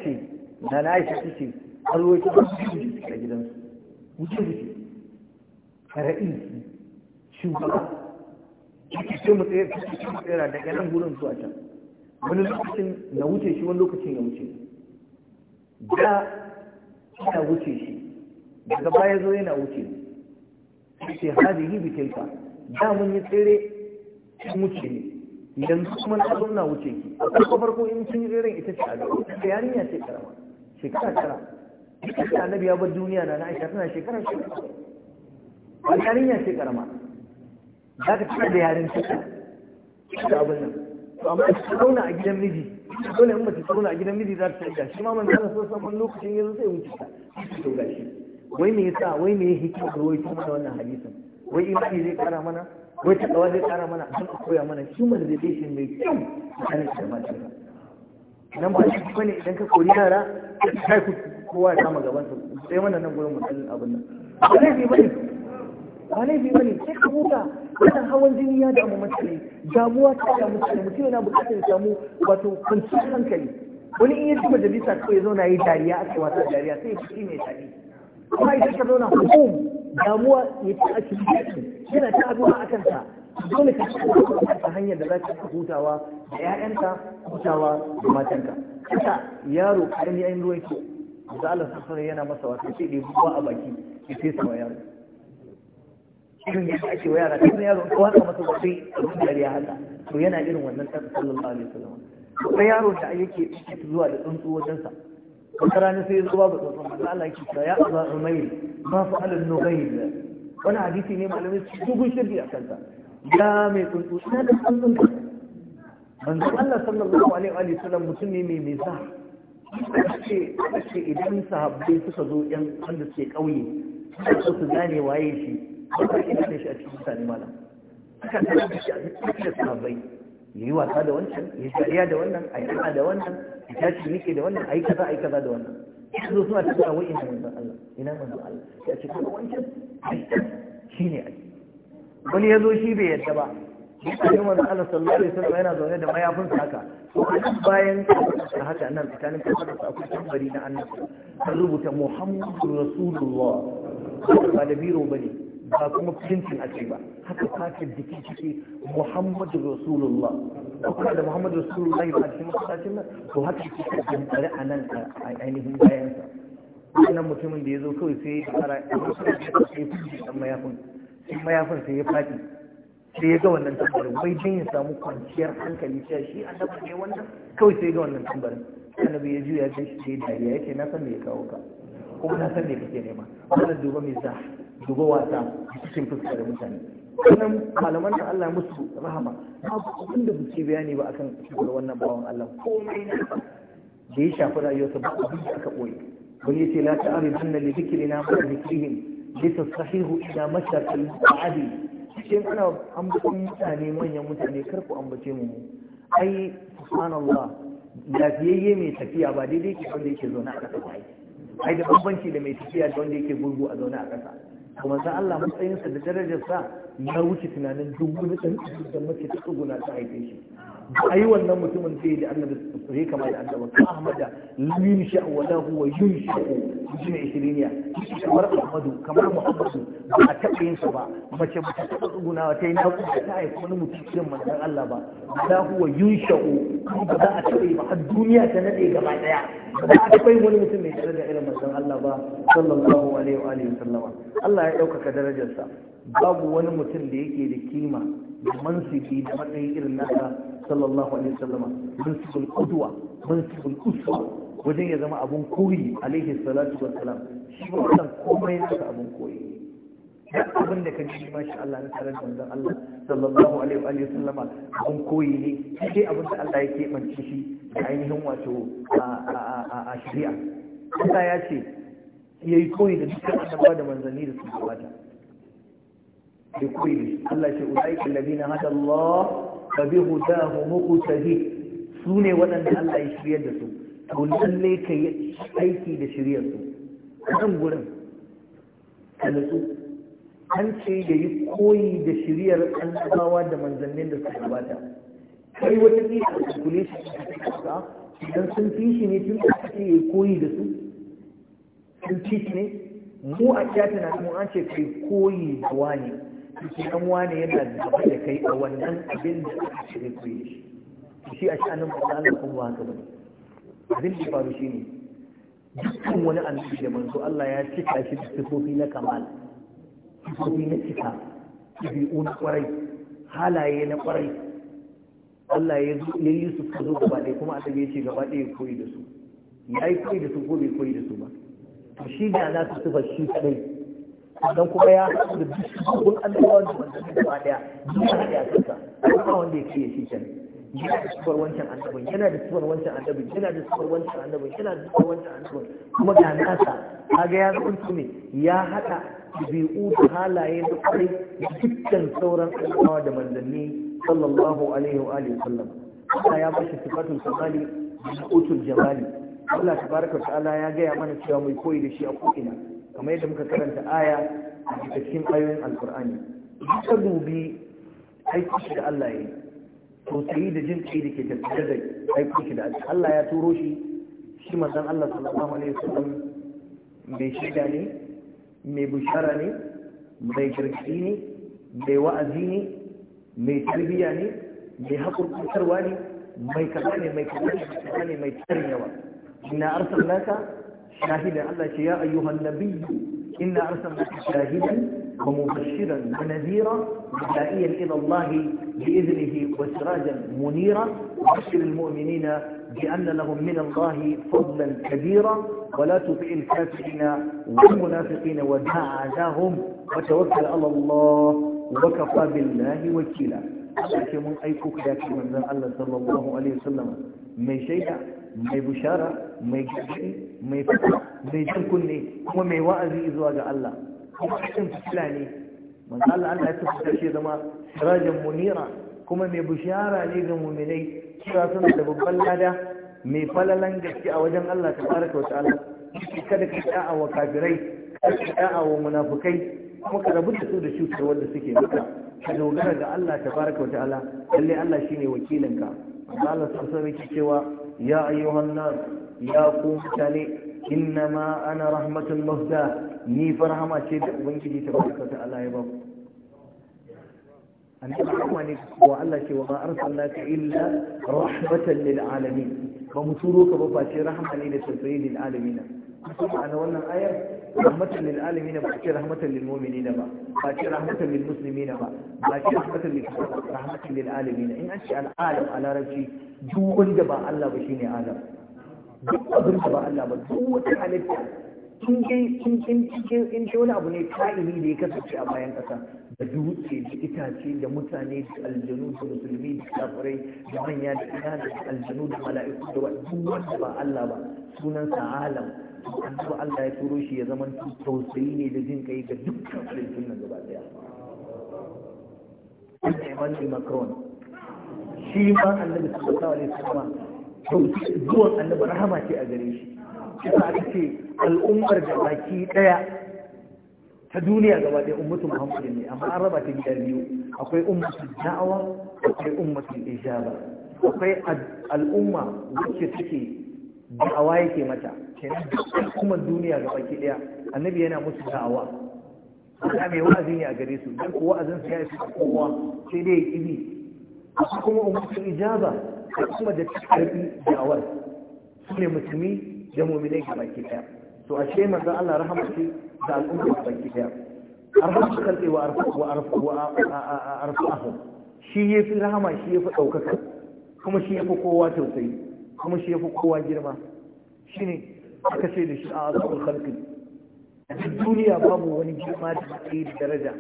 ce na na aisha ta ce alwaci ba su yi a gidansu wuce wuce fara'in shugaba yake ce mu tsaye ta ce mu tsayar daga nan gurin zuwa can wani lokacin na wuce shi wani lokacin ya wuce da ina wuce shi daga baya zo yana wuce sai ce hadi yi bikin ka da mun yi tsere shi wuce ne yanzu kuma na zo na wuce ki a farko in sun yi tseren ita ce a gaba da yarinya ce karama shekara shekara duka da annabi ya bar duniya na aisha tana shekara shekara Wani yarinya ce karama za ka tana da yarin shekara da abin nan to amma ta zauna a gidan miji dole in mace zauna a gidan miji za ta tsaya shi ma man zana so san lokacin yanzu zai wuce ta to gashi wai me yasa wai me hikima da wai kuma da wannan hadisin wai imani zai kara mana wai ta kawa zai kara mana don a koya mana human relation mai kyau a kanin da mata nan ba shi kuma ne idan ka kori yara kai ku kowa ya kama gaban sa sai wannan nan gurin mutum abin nan ba laifi bane ba laifi bane sai ka huta wannan hawan jini ya damu mutane damuwa ta damu mutane mutum yana buƙatar ya samu wato kwanciyar hankali wani in ya ci majalisa kawai ya zauna yi dariya aka wasa dariya sai ya ci mai dadi amma idan ka zauna hukum damuwa ya ci a cikin yana ta abuwa a kanta dole ka ta hanyar da za ka hutawa da 'ya'yanka hutawa da matanka kasa yaro karami ayin ruwa yake da Allah sassara yana masa wata ce ɗe ruwa a baki ya fesa wa yaro irin yadda ake wa yara kan yaro ko haka masa wata abin da ya haka to yana irin wannan ɗan sallallahu alaihi wasallam kuma yaro da yake zuwa da tsuntsu wajensa wata rana sai ya zo babu tsuntsu Allah yake cewa ya azza umayl ma fa'ala an da wani hadisi ne malamai su dubun shirki a kansa ya mai tsuntsu na da tsuntsun ka manzo Allah sallallahu alaihi wa sallam mutum ne mai mai sa ce ce idan sahabbai suka zo yan wanda suke kauye su so su gane waye shi ba ka ina da shi a cikin mutane malam suka tana shi a cikin sahabbai ya yi wasa da wancan ya yi shari'a da wannan a yi da wannan ya tashi nike da wannan a yi kaza a yi kaza da wannan su suna tafiya wa'in da manzon Allah ina manzon Allah ya ce kuma wancan shi ne a wani ya zo shi bai yadda ba mutane manzo Allah sallallahu alaihi wasallam yana zaune da mayafin sa haka to bayan da haka nan tsakanin kafa da akwai tambari na annabi Kan rubuta Muhammadu Rasulullah ba da biro bane ba kuma printin a ce ba haka fatar jiki ciki Muhammadu Rasulullah kuma da Muhammadu Rasulullah ba cikin masallacin nan to haka yake tambari a nan a ainihin bayansa. sa wannan mutumin da ya zo kawai sai ya fara a cikin mayafin in mayafin sai ya faɗi sai ya ga wannan tambarin wai don ya samu kwanciyar hankali cewa shi annabi ne wannan kawai sai ya ga wannan tambarin annabi ya juya sai shi ya dariya yake na san me ya kawo ka kuma na san me kake nema wannan duba mai sa duba wasa cikin fuska da mutane wannan malaman da Allah musu rahama babu abin da suke bayani ba akan shigar wannan bawan Allah komai na da ya shafi rayuwarsa ba abin da aka koyi wani yace la ta'rifanna li dhikrina ma dhikrihim bisa sahihu ina mashakal ba'adi cikin ana ambaton mutane manyan mutane karku ku ambace mu ai subhanallah lafiyayye mai tafiya ba daidai ke wanda yake zaune a ƙasa ba ai da bambanci da mai tafiya da wanda yake gurgu a zaune a ƙasa kuma san Allah matsayinsa da darajarsa ya wuce tunanin duk wani ɗan da mace ta tsuguna ta haife shi ba a yi wannan mutumin sai da annabi sai kama da annabi ka ahmada lam sha wala huwa yunsha jina ishiriniya kamar ahmadu kamar muhammadu ba a taɓa yin sa ba mace ba ta taɓa tsugunawa ta yi naƙuda ta haifi wani mutum irin manzon Allah ba wala huwa yunsha kuma ba za a taɓa yi ba har duniya ta naɗe gaba ɗaya ba a taɓa yin wani mutum mai daraja irin manzon Allah ba sallallahu alaihi wa sallama Allah ya ɗaukaka darajarsa babu wani mutum da yake da kima da mansibi da matsayin irin nasa sallallahu alaihi wasallama mansibul qudwa mansibul uswa wajen ya zama abun koyi alaihi salatu wassalam shi wannan komai nasa abun koyi duk abin da ka ji masha Allah na tare da manzon Allah sallallahu alaihi wa sallama abun koyi ne sai abin da Allah ya keɓance shi da ainihin wato a shari'a Allah ya ce yayi koyi da dukkan annabawa da manzanni da su gabata bi kulli Allah shi ulaika alladhina hada Allah fa bi muqtadi sune waɗanda Allah ya shirya da su to lalle ka yi aiki da shiryar su nan gurin ka nutsu an ce ya yi koyi da shiryar annabawa da manzannin da suka gabata kai wata ne a calculation idan sun fi shi ne tun da ake yi koyi da su sun fi shi ne mu a kyata na mu an ce kai koyi da wani shi dan wane yana gaba da kai a wannan abin da aka shirya ku yi shi a sha'anin Allah kuma haka bane abin da faru shi ne. dukkan wani annabi da manzo Allah ya cika shi da sifofi na kamal sifofi na cika ɗabi'u na kwarai halaye na kwarai Allah ya yi su ka zo gaba ɗaya kuma a ya ce gaba ɗaya koyi da su ya yi koyi da su ko bai koyi da su ba to shi ne ana su sifar shi kadai sannan kuma ya haɗu da dukkan annabawan da manzanni gaba daya duk ya haɗe a kansa kuma wanda ya ce shi kenan yana da sufar wancan annabin yana da sufar wancan annabin yana da sufar wancan annabin yana da sufar wancan annabin kuma ga nasa kaga ya tsuntu ne ya haɗa ɗabi'u da halaye da kwarai dukkan sauran annabawa da manzanni sallallahu alaihi wa alihi sallam Allah ya bashi sifatul kamali da utul jamali Allah tabaraka wa ta'ala ya gaya mana cewa mai koyi da shi a ko'ina kamar yadda muka karanta aya a cikin ayoyin alkur'ani duka dubi aiki da Allah ya yi tausayi da jin kai da ke tattare da aiki shi da Allah ya turo shi shi manzon Allah sallallahu alaihi wasallam mai shida ne mai bushara ne mai gargaɗi ne mai wa'azi ne mai tarbiyya ne mai haƙurƙantarwa ne mai kaza ne mai kaza ne mai kaza ne mai tarin yawa inna arsalnaka شاهدا الله يا أيها النبي إنا أرسلناك شاهدا ومبشرا ونذيرا وداعيا إلى الله بإذنه وسراجا منيرا وبشر المؤمنين بأن لهم من الله فضلا كبيرا ولا تطع الكافرين والمنافقين ودع عداهم وتوكل على الله وكفى بالله وكيلا. أشهد أن أيكوك ذاك من الله صلى الله عليه وسلم من شيء mai bushara mai gaji mai fata mai jin kunne kuma mai wa'azi zuwa ga Allah kuma cikin fitila ne manzo Allah Allah ya tafi shi zama sirajan munira kuma mai bushara ne ga mu'minai cewa suna da babban lada mai falalan gaske a wajen Allah tabaraka wa ta'ala kada ka da'a wa kafirai kada ka da'a wa munafikai kuma ka rabu da su da cutar wanda suke maka ka dogara ga Allah tabaraka wa ta'ala lalle Allah shine wakilinka manzo Allah sallallahu alaihi cewa ya ayyuhan nas ya ku mutane innama ana rahmatul muhda ni farhama ce da ubangiji tabaraka ta'ala ya ba ku annabi ne wa Allah ce wa ma arsalnaka illa rahmatan lil'alami alamin ba mu turo ka ba face rahma ne da tausayi lil alamin kuma ana wannan ayar rahmatan lil alamin ba ce rahmatan lil mu'minin ba ba ce rahmatan lil muslimin ba ba ce rahmatan lil rahmatan lil alamin in an ce al alam a larabci duk wanda ba Allah ba shine alam duk abin da ba Allah ba duk wata halitta in in in in wani abu ne ka'ini da ya kasance a bayan kasa da dutse da itace da mutane da aljanu da musulmi da kafirai da manya da ina da aljanu da mala'iku da duk wanda ba Allah ba sunansa alam annabi Allah ya turo shi ya zama tausayi ne da jin kai ga dukkan halittun ɗaya. gaba daya Allah Emmanuel Macron shi ma annabi sallallahu alaihi wasallam zuwan annabi rahama ce a gare shi kisa aka ce al'ummar da baki ɗaya ta duniya gaba daya ummatu muhammadu ne amma an raba ta gida biyu akwai ummatu da'awa akwai ummatu ijaba akwai al'umma wacce take da'awa yake mata kenan kuma duniya ga baki daya annabi yana musu da'awa Allah mai wa'azi ne a gare su dan ko wa'azin su ya isa kowa sai dai ibi akwai kuma ummatul ijaba da kuma da karbi da'awar su ne musulmi da mu'minai ga baki daya to ashe manzo Allah rahmatu da al'umma ga baki daya arhamu khalqi wa arfu wa arfu wa arfuhum shi yafi rahama shi yafi daukaka kuma shi yafi kowa tausayi kuma shi yafi kowa girma shine aka ce da shi a asabul khalqi a duniya babu wani girma da ke da daraja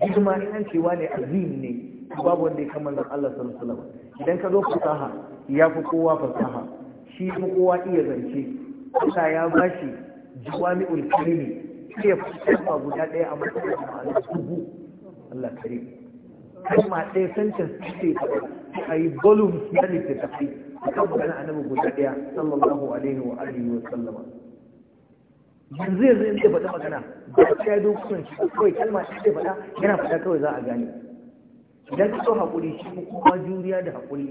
girma ina cewa ne azim ne babu wanda ya kama zan Allah sallallahu alaihi wasallam idan ka zo fasaha ya fi kowa fasaha shi ya fi kowa iya zance Allah ya bashi jawami'ul kalimi iya fasaha guda ɗaya a matsayin ma'ana dubu Allah karim kalma ɗaya sentence ce a yi volume na littattafai akan magana annabi guda daya sallallahu alaihi wa alihi wa sallama yanzu yanzu in zai faɗi magana ba ta yi dokunan shi kawai kalma shi zai faɗa yana faɗa kawai za a gane idan ka so haƙuri shi kuma juriya da haƙuri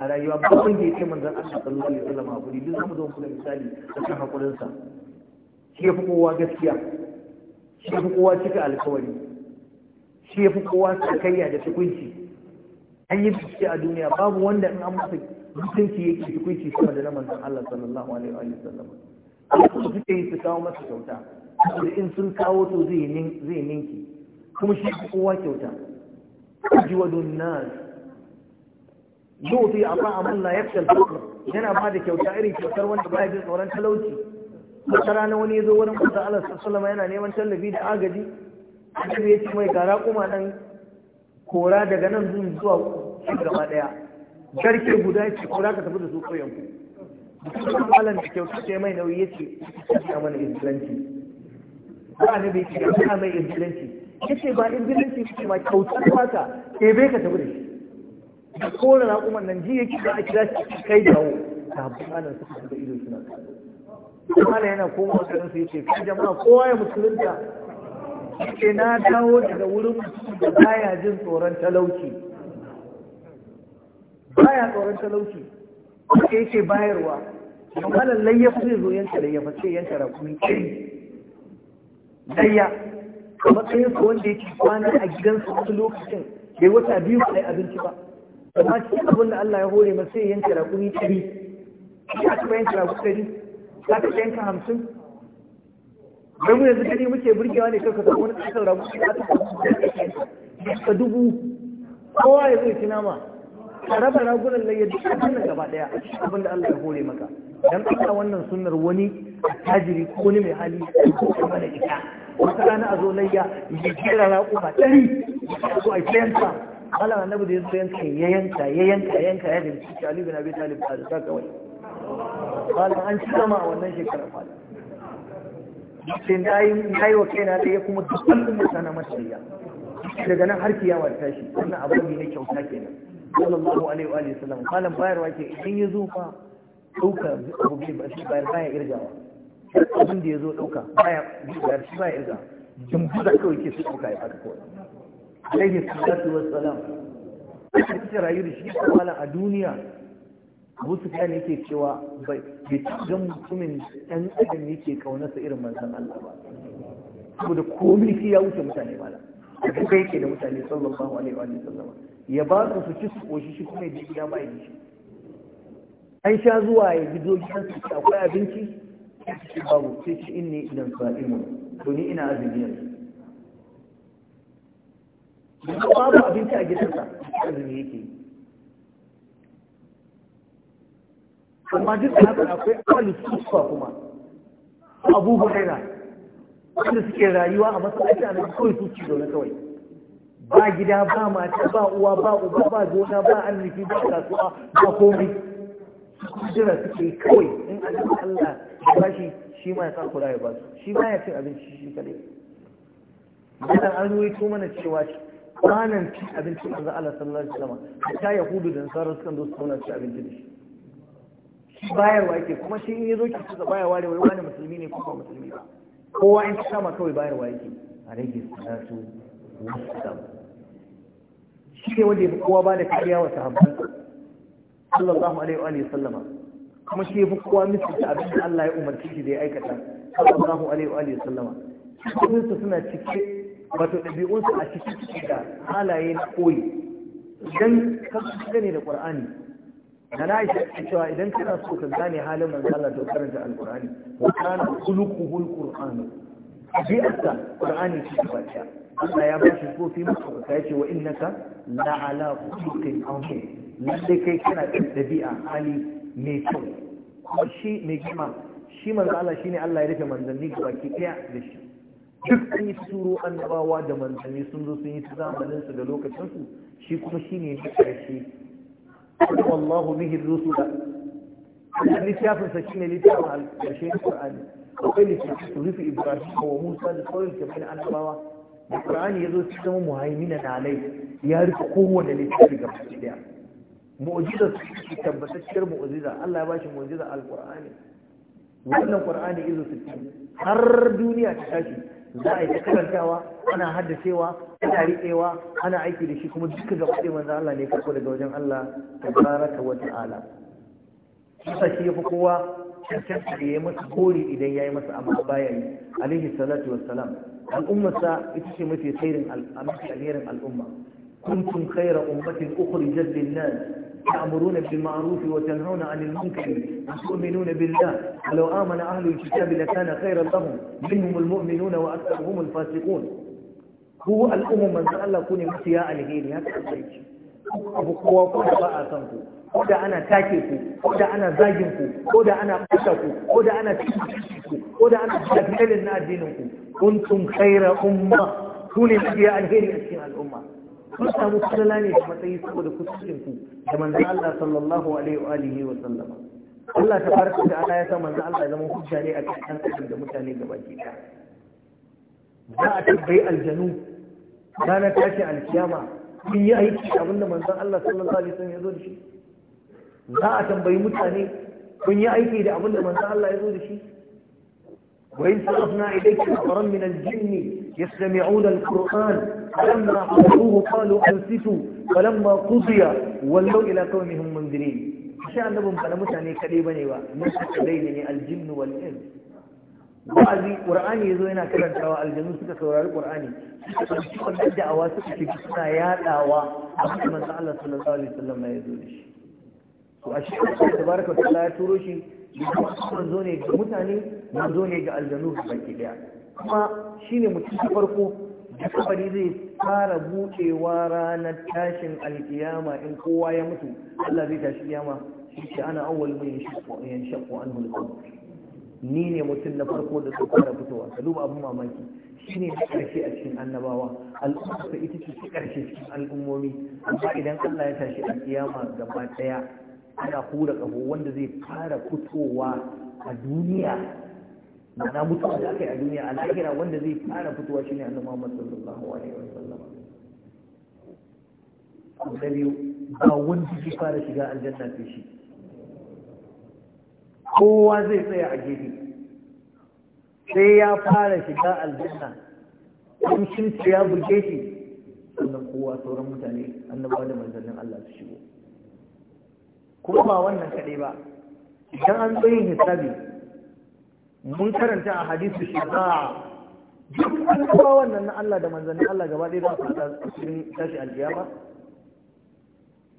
a rayuwa ba wanda ya ce manzan Allah sallallahu alaihi wasallam haƙuri duk zamu zo kula misali da kan haƙurinsa. shi ya fi kowa gaskiya shi ya fi kowa cika alƙawari shi ya fi kowa sakayya da tukunci an yi bincike a duniya babu wanda in an masa mutunci yake tukuici sama da na manzon Allah sallallahu alaihi wa sallam su suke yi su kawo masa kyauta saboda in sun kawo to zai ninki kuma shi kowa kyauta ajwadun nas yuti afa amal la yakshal fakr yana ba da kyauta irin kyautar wanda ya jin tsoron talauci wata rana wani ya zo wurin manzon Allah sallallahu alaihi wa sallam yana neman tallafi da agaji annabi ya ce mai gara kuma nan. kora daga nan zuwa zuwa gaba daya garke guda ce kora ka tafi da su ƙauyen ku mutum malam da kyau sai mai nauyi yace ya mana izilanci ba a nabi ce ya mai Ya yace ba izilanci ce ma kyautar fata ke bai ka tafi da shi da na kuma nan ji yake ba a kira shi kai dawo sabbin anan suka shiga ido suna kallon kuma yana komawa garin su yace kai jama'a kowa ya musulunta ce na dawo daga wurin da baya jin tsoron talauci baya tsoron talauci ake yake bayarwa amma lallai ya zai zo yanka da ce yanka rakumi kai layya a matsayin su wanda yake kwana a gidansu wasu lokacin bai wata biyu kai abinci ba amma cikin abin da Allah ya hore masa sai yanka rakumi ɗari ya taɓa yanka rakumi ɗari ya ka yanka hamsin bai mun yanzu gani muke burgewa ne kanka samu wani kasar rabu da aka ka dubu kowa ya zai ci nama ka raba ragunan layya duk a gaba daya abin da Allah ya hore maka dan Allah wannan sunnar wani tajiri ko wani mai hali ko kuma da ita wata rana a zo layya ya jira raƙuma ɗari ya zo a yanka Allah annabi da ya ya yanka ya yanka ya yanka ya yanka ya da shi Ali bin Abi Talib da ta kawai qala an ci a wannan shekarar fara sai na yi wa kaina ɗaya kuma duk al'ummar sana masoyiya daga nan har kiyama ta shi wannan abu ne na kyauta kenan sallallahu alaihi wa sallam malam bayarwa ke idan ya zo fa ɗauka abu bai ba shi bayar baya irgawa abin da ya zo ɗauka baya bayar shi baya irga jimbuza kawai ke su ɗauka ya haka kawai alaihi salatu wassalam a cikin rayu da shi malam a duniya abu su fiya ne ke cewa bai gan mutumin ɗan adam yake kaunarsa irin manzan Allah ba saboda komai shi ya wuce mutane ba da duka yake da mutane sallallahu alaihi wa sallama ya ba su su ci su koshi shi kuma ya ya ba shi an sha zuwa ya gido gidan su akwai abinci sai babu sai in inni idan sa'imun to ni ina azumi yanzu babu abinci a gidansa azumi yake yi amma duk da haka akwai alifiswa kuma abu huraira wanda suke rayuwa a masallaci a nan kawai su ci zaune kawai ba gida ba mata ba uwa ba uba ba gona ba arziki ba kasuwa ba komai jira suke kawai in an yi Allah ya bashi shi ma ya sa kula ya basu shi ma ya cin abinci shi kadai idan an ruwaito mana cewa kwanan cin abinci manzo Allah sallallahu alaihi wasallam ta yahudu da nasara sukan zo su zauna ci abinci da shi bayarwa yake kuma shi in zo ki kuka bayarwa ne wai wani musulmi ne kuma ba musulmi ba kowa in sama kawai bayarwa yake a rage salatu wasallam shi ne wanda ya fi kowa ba da kariya wa sahabban sallallahu alaihi wa sallama kuma shi ya fi kowa misalta abin da Allah ya umarci shi da ya aikata sallallahu alaihi wa sallama cikin suna cike wato ɗabi'unsu a cikin ciki da halaye na koyi idan ka gane da ƙwar'ani na na aisha cewa idan kana so ka gane halin manzo da to karanta alkur'ani wa kana khuluquhul qur'an bi'ata qur'ani ce ba ta Allah ya ba shi kofi musu ta ce wa innaka la ala khuluqin azim lalle kai kana da dabi'a hali mai kyau kuma shi mai kima shi manzo Allah shine Allah ya rufe manzanni baki daya da shi duk an yi turo annabawa da manzanni sun zo sun yi zamanin su da lokacinsu shi kuma shine na karshe kudu Allah nihin rusula littafinsa shi ne littafin alƙarshe da ƙar'ani rufe ibrahim ko musa da sauyin kamar annabawa da ƙar'ani ya zo su zama muhaimmin na nalai ya rufe kowane littafi ga baki ɗaya mu'ujizar su tabbatacciyar mu'ujiza allah ya ba shi mu'ujiza alƙar'ani wannan ƙar'ani izo su har duniya ta tashi za a yi karantawa ana haddacewa ana riƙewa ana aiki da shi kuma duka ga ɗaya manzo Allah ne farko daga wajen Allah tabaraka wa ta'ala kisa shi yafi kowa cancanta da yi masa kori idan yi masa amma baya yi alaihi salatu wassalam al'ummarsa ita ce mafi khairin al'umma kuntum khayra ummatin ukhrijat lin-nas تأمرون بالمعروف وتنهون عن المنكر وتؤمنون بالله ولو آمن أهل الكتاب لكان خيرا لهم منهم المؤمنون وأكثرهم الفاسقون هو الأمم من سأل كوني مسياء لهين كودا انا تاكيكو كودا انا زاجنكو كودا انا قشكو كودا انا تشككو كودا انا تشكلنا دينكو كنتم خير امه كوني مسياء لهين اسكن الامه kun samu sunana ne da matsayi saboda kusurcin ku da manzan Allah sallallahu alaihi wa alihi wa sallama Allah ta farka da Allah ya sa manzan Allah ya zama hujja ne a cikin ɗan da mutane da baki ɗaya za a tabbai aljanu ranar tashi alkiyama kun yi aiki da manzan Allah sallallahu alaihi wa sallam ya zo da shi za a tambayi mutane kun yi aiki da da manzan Allah ya zo da shi وإذ صرفنا إليك نفرا من الجن يستمعون القرآن فلما قرأوه قالوا أنصتوا فلما قضي ولوا إلى قومهم منذرين عشان نبهم فلا متعني كريبا يوا نسك ليلني الجن والإنس wa'azi qur'ani yazo yana karantawa aljannu suka saurari qur'ani suka ɗauki wannan da'awa suka ci suna yaɗawa a cikin manzo Allah sallallahu alaihi wasallam ya zo da shi a shi Allah tabaraka wa ta'ala turo shi manzo ne ga mutane ne ga aljanu baki daya kuma shine mutum ta farko da kabari zai fara bucewa ranar tashin alkiyama in kowa ya mutu Allah zai tashi kiyama shi ana awwal mai yanshaqu anhu al ni ne mutum na farko da zai fara fitowa ka duba abin mamaki shine na karshe a cikin annabawa al'umma ita ce ta karshe cikin al'ummomi amma idan Allah ya tashi alkiyama gaba daya ana hura ƙaho wanda zai fara fitowa a duniya Na mutuwa da aka yi a duniya a lahira wanda zai fara fitowa shine annabi Muhammad sallallahu alaihi wasallam sallama. da biyu ba wanda zai fara shiga aljanna sai shi kowa zai tsaya a gefe sai ya fara shiga aljanna shi ya buge shi sannan kowa sauran mutane annabawa da manzannin Allah su shigo kuma ba wannan kaɗai ba idan an tsoyin hisabi mun karanta a hadisu shafa'a duk an kuma wannan na Allah da manzannin Allah gaba ɗaya za su fita cikin tashi aljiyama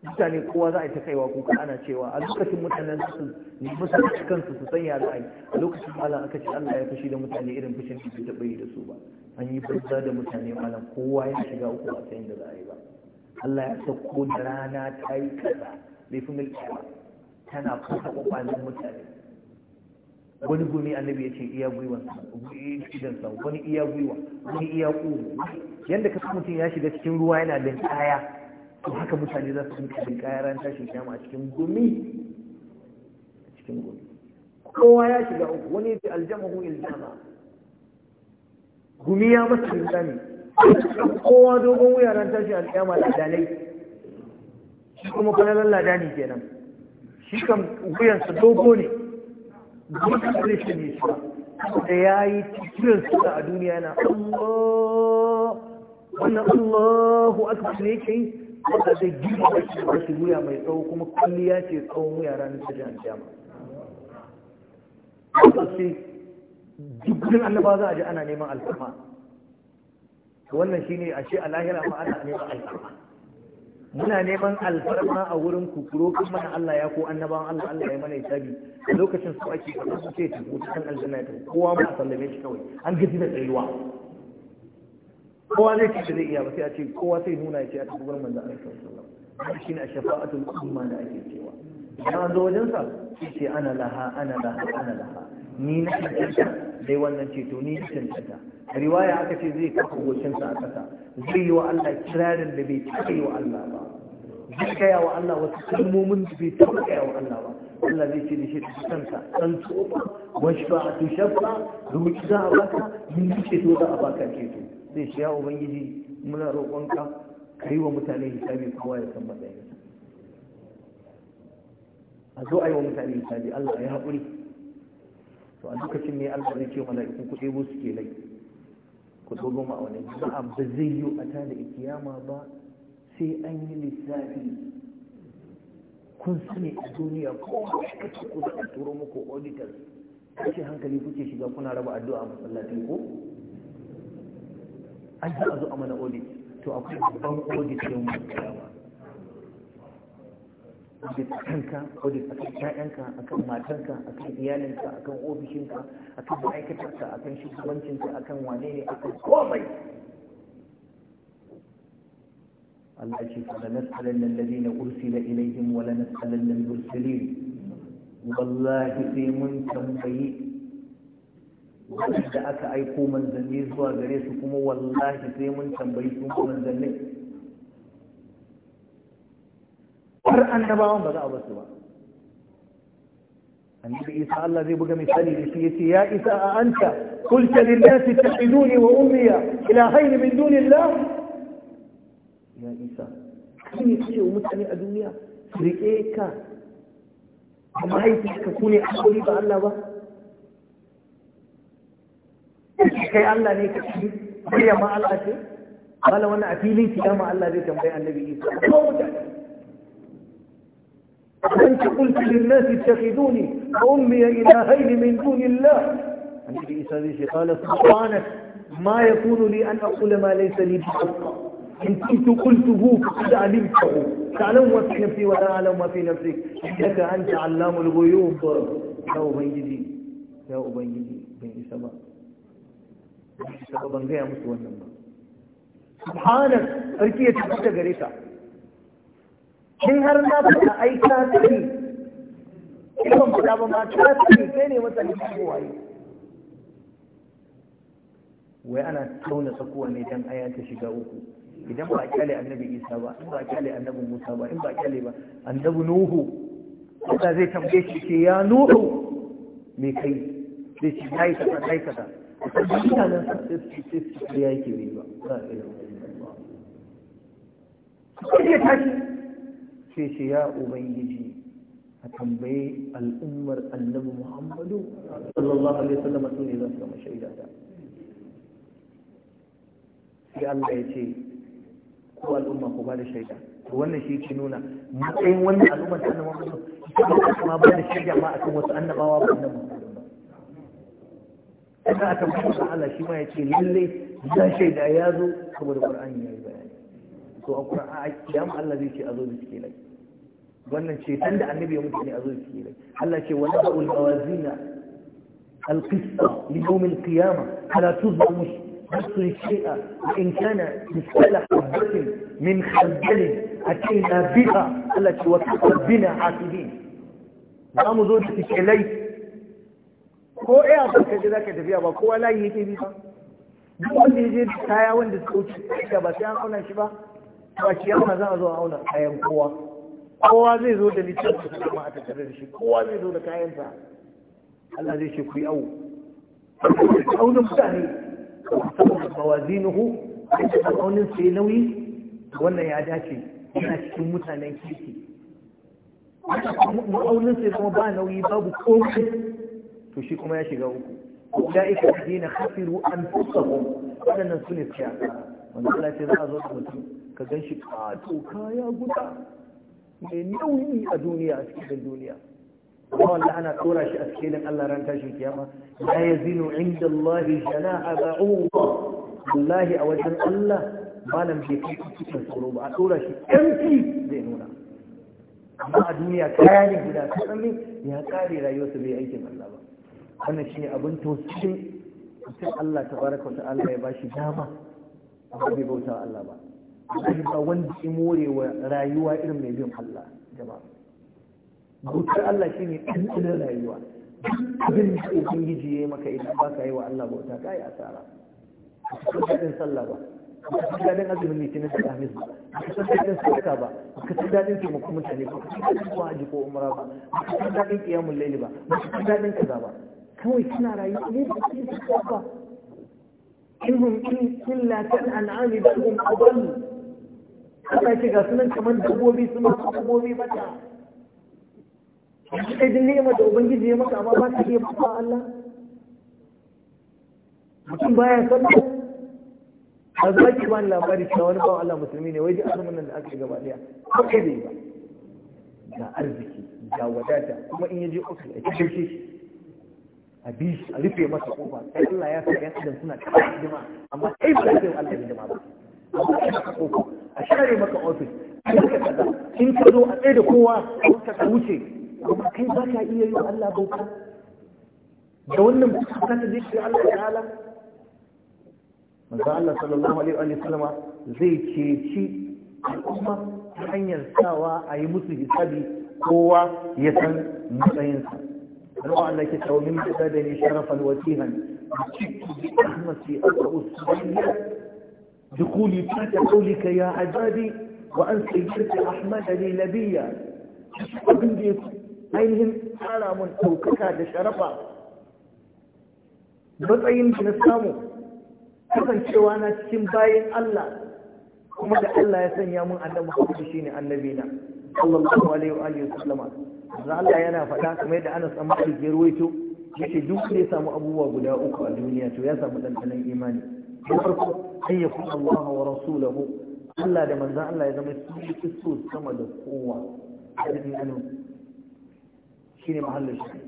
mutane kowa za a yi ta kaiwa kuka ana cewa a lokacin mutanen su musa da kansu su sanya ra'ayi a lokacin malam aka ce Allah ya fashi da mutane irin fushin da ta bayyana da su ba an yi banza da mutane malam kowa ya shiga uku a sayin da za a yi ba Allah ya sauko da rana ta yi kaza laifin tana kusa kwakwalin mutane wani gumi annabi ya ce iya gwiwa sa wani iya gwiwa wani iya ƙugu yadda ka mutum ya shiga cikin ruwa yana linkaya to haka mutane za su rinka linkaya ran tashi kyamu a cikin gumi a cikin gumi kowa ya shiga uku wani ya ce aljamahu iljama gumi ya masa linkami kowa dogon wuya ran tashin alkyama da dalai shi kuma falalan lada ne kenan shi kan wuyansa dogo ne gudun kristi ne shi da ya yi cikin suna a duniya na Allah wannan Allahu akbar ne yake yi wanda zai gina da shi da shi wuya mai tsawo kuma kulliya ce tsawon wuya ranar ta jihar jama sai dukkan annaba za a ji ana neman alfama wannan shine ashe a lahira ma ana neman alfama muna neman alfarma a wurin ku kuro kan mana Allah ya ko annabawan Allah Allah ya mana hisabi a lokacin su ake ka su ce ta wuce kan aljanna ta kowa ma a sallame shi kawai an gaji da tsayuwa kowa zai ce zai iya ba sai a ce kowa sai nuna ya ce a tafi wurin manzo Allah sallallahu alaihi wasallam shi ne a shafa'atul umma da ake cewa idan an zo wajen sa ce ana laha ana laha ana laha ni na cancanta dai wannan ceto ni na cancanta riwaya aka ce zai kafa gocinsa a ƙasa zai yi wa Allah kirarin da bai taɓa yi wa Allah ba zai kaya wa Allah wasu kalmomin da bai taɓa gaya wa Allah ba Allah zai ce da shi ta kanka ɗan tsofa wani ba a tushafa rubuci za a baka yin ceto za a baka ceto zai shi ya ubangiji muna roƙonka ka yi wa mutane hisabi kowa ya san matsayinsa a zo a yi wa mutane hisabi Allah ya haƙuri to a lokacin ne Allah zai ce mala'ikun kuɗe bu suke lai ku dogon ma'aunin ba ba zai yi a tada ikiyama ba sai an yi lissafi kun sani a duniya ko ta ku da turo muku auditor kashe hankali kuke shiga kuna raba addu'a a masallaci ko an ji a zo a mana audit to akwai babban audit yau mai kyawa audit a kanka audit a kan ƴaƴanka a kan matanka a kan iyalinka a kan ofishinka a kan ma'aikatarka a kan shugabancinka a kan wane ne a kan komai Allah ce fada nasalan nan lalai na ursila ilaihim wala na nasalan nan mursalin wallahi sai mun tambayi wanda aka aiko manzanni zuwa gare su kuma wallahi sai mun tambayi su manzanni قرآن يباهم بدأ بسوا النبي إيسا الذي بقى مثالي في يتي يا إيسا أنت قلت للناس اتخذوني وأمي إلى خير من دون الله يا إيسا كني أشي ومتعني أدوني فريئيكا وما هي تلك كوني أحولي بألاوة كي الله نيك أشي ويا ما ألأتي قال وانا أتي لي تيام الله ذي تنبيع النبي إيسا ما وجدت أنت قلت للناس اتخذوني أمي إلهين من دون الله أنت لإسابيش قال سبحانك ما يكون لي أن أقول ما ليس لي بحق إن كنت قلته فقد علمته تعلم ما في نفسي ولا أعلم ما في نفسك إنك أنت علام الغيوب يا أبنجدي يا أبنجدي بين سماء سبحانك أركية تبقى قريتها in har na ba ai ka sani in ban faɗa ba ma ka sani kai ne masa ne waye wai ana tauna tsakuwa ne dan aya ta shiga uku idan ba a kyale annabi isa ba in ba a kyale annabi musa ba in ba a kyale ba annabi nuhu Allah zai tambaye shi ce ya nuhu me kai zai ce na yi kaza na yi kaza mutanen sa sai su ya yake bai ba za a iya tashi sai ce ya ubangiji a tambaye al'ummar annabi muhammadu sallallahu alaihi wasallam su ne za su gama shaida da sai Allah ya ce ko al'umma ko ba da shaida wannan shi ke nuna matsayin wannan al'ummar ta annabawa ba ita kuma ba da shaida ma akan wasu annabawa ba annabawa ina aka mutu Allah shi ma ya ce lalle ya shaida ya zo saboda Qur'ani ya yi bayani to a Qur'ani ya mu Allah zai ce a zo da suke lafiya wannan ce tun da annabi ya mutu ne a zuwa kire Allah ce wani ba'ul mawazina alqista li Kiyama, alqiyama fala tuzlamu nafsun shay'a wa in kana misala habatin min khardal atayna biha Allah ce wa rabbina hasibin za mu zo da tikelai ko iya ba ka ji zaka tafiya ba kowa layi yake bi ba duk wanda ya je da kaya wanda suka wuce ba sai an auna shi ba ba kiyama za a zo a auna kayan kowa kowa zai zo da littafin su kuma a tattare da shi kowa zai zo da kayansa Allah zai ce ku yi awo aunin mutane saboda mawazinuhu a aunin su yi nauyi wannan ya dace yana cikin mutanen kirki ma'aunin sai kuma ba nauyi babu komai to shi kuma ya shiga uku da ika dina hafiru an fusahum waɗannan su ne fiya wanda ala ce za a zo da mutum ka gan shi ƙato kaya guda mai nauyi a duniya a cikin duniya amma wanda ana tura shi a cikin Allah ran tashin kiyama la yazinu inda Allah janaha ba'uqa wallahi a wajen Allah malam bai kai cikin tsoro ba a tura shi yanki zai nuna amma a duniya kaya ne guda kaɗan ya kare rayuwarsa bai aikin Allah ba wannan shine abin tausayin mutum Allah tabaraka wa Allah ya bashi dama amma bai bauta Allah ba Allah ba wanda ya more wa rayuwa irin mai bin Allah jama'a bautar Allah shi shine ɗanɗanin rayuwa abin da ubangiji ya yi maka idan ba ka yi wa Allah bauta ka yi asara ba daɗin sallah ba ba ka daɗin azumin litinin da kamis ba ba ka daɗin sadaka ba ba ka daɗin taimakon mutane ba ka daɗin kuma haji ko umra ba ba ka daɗin kiyamun laili ba ba ka daɗin kaza ba kawai suna rayuwa ne da ke ba إنهم إن إلا كالأنعام بل هم أضل Allah ya ce ga sunan kamar dabbobi suna dabbobi mata kai din ni'ima da ubangiji ya maka amma ba ta iya ba Allah mutum baya sallah a za ki bani labari cewa wani bawan Allah musulmi ne wai ji azumin nan da aka yi gaba daya ko kai bai ba ga arziki ga wadata kuma in ya je ofis a cikin shi a bi shi a rufe masa kofa sai Allah ya sa ya suna cikin hidima amma kai ba za ka yi Allah hidima ba a share maka ofis a yanka kaza in ka zo a tsaye da kowa ka ka wuce amma kai ba ka iya yi Allah bauta da wannan ka ta je shi Allah ta'ala manzo Allah sallallahu alaihi wa sallama zai ceci al'umma ta hanyar sawa a yi musu hisabi kowa ya san matsayinsa Allah Allah ke tsawo min da ne sharafan wakihan cikin ahmasi a tsawo دخولي تحت قولك يا عبادي وأن سيرت أحمدني نبيا abin da ya ainihin tsara mun ɗaukaka da sharafa matsayin da na samu kasancewa na cikin bayan Allah kuma da Allah ya sanya mun annabi Muhammad shine annabi na sallallahu alaihi wa alihi wasallama Allah yana faɗa kamar yadda Anas an Malik ya ruwaito yace duk da ya samu abubuwa guda uku a duniya to ya samu dandanan imani na farko ayyakun Allah wa rasulahu Allah da manzan Allah ya zama fi so sama da kowa a cikin anu shi ne mahallin shi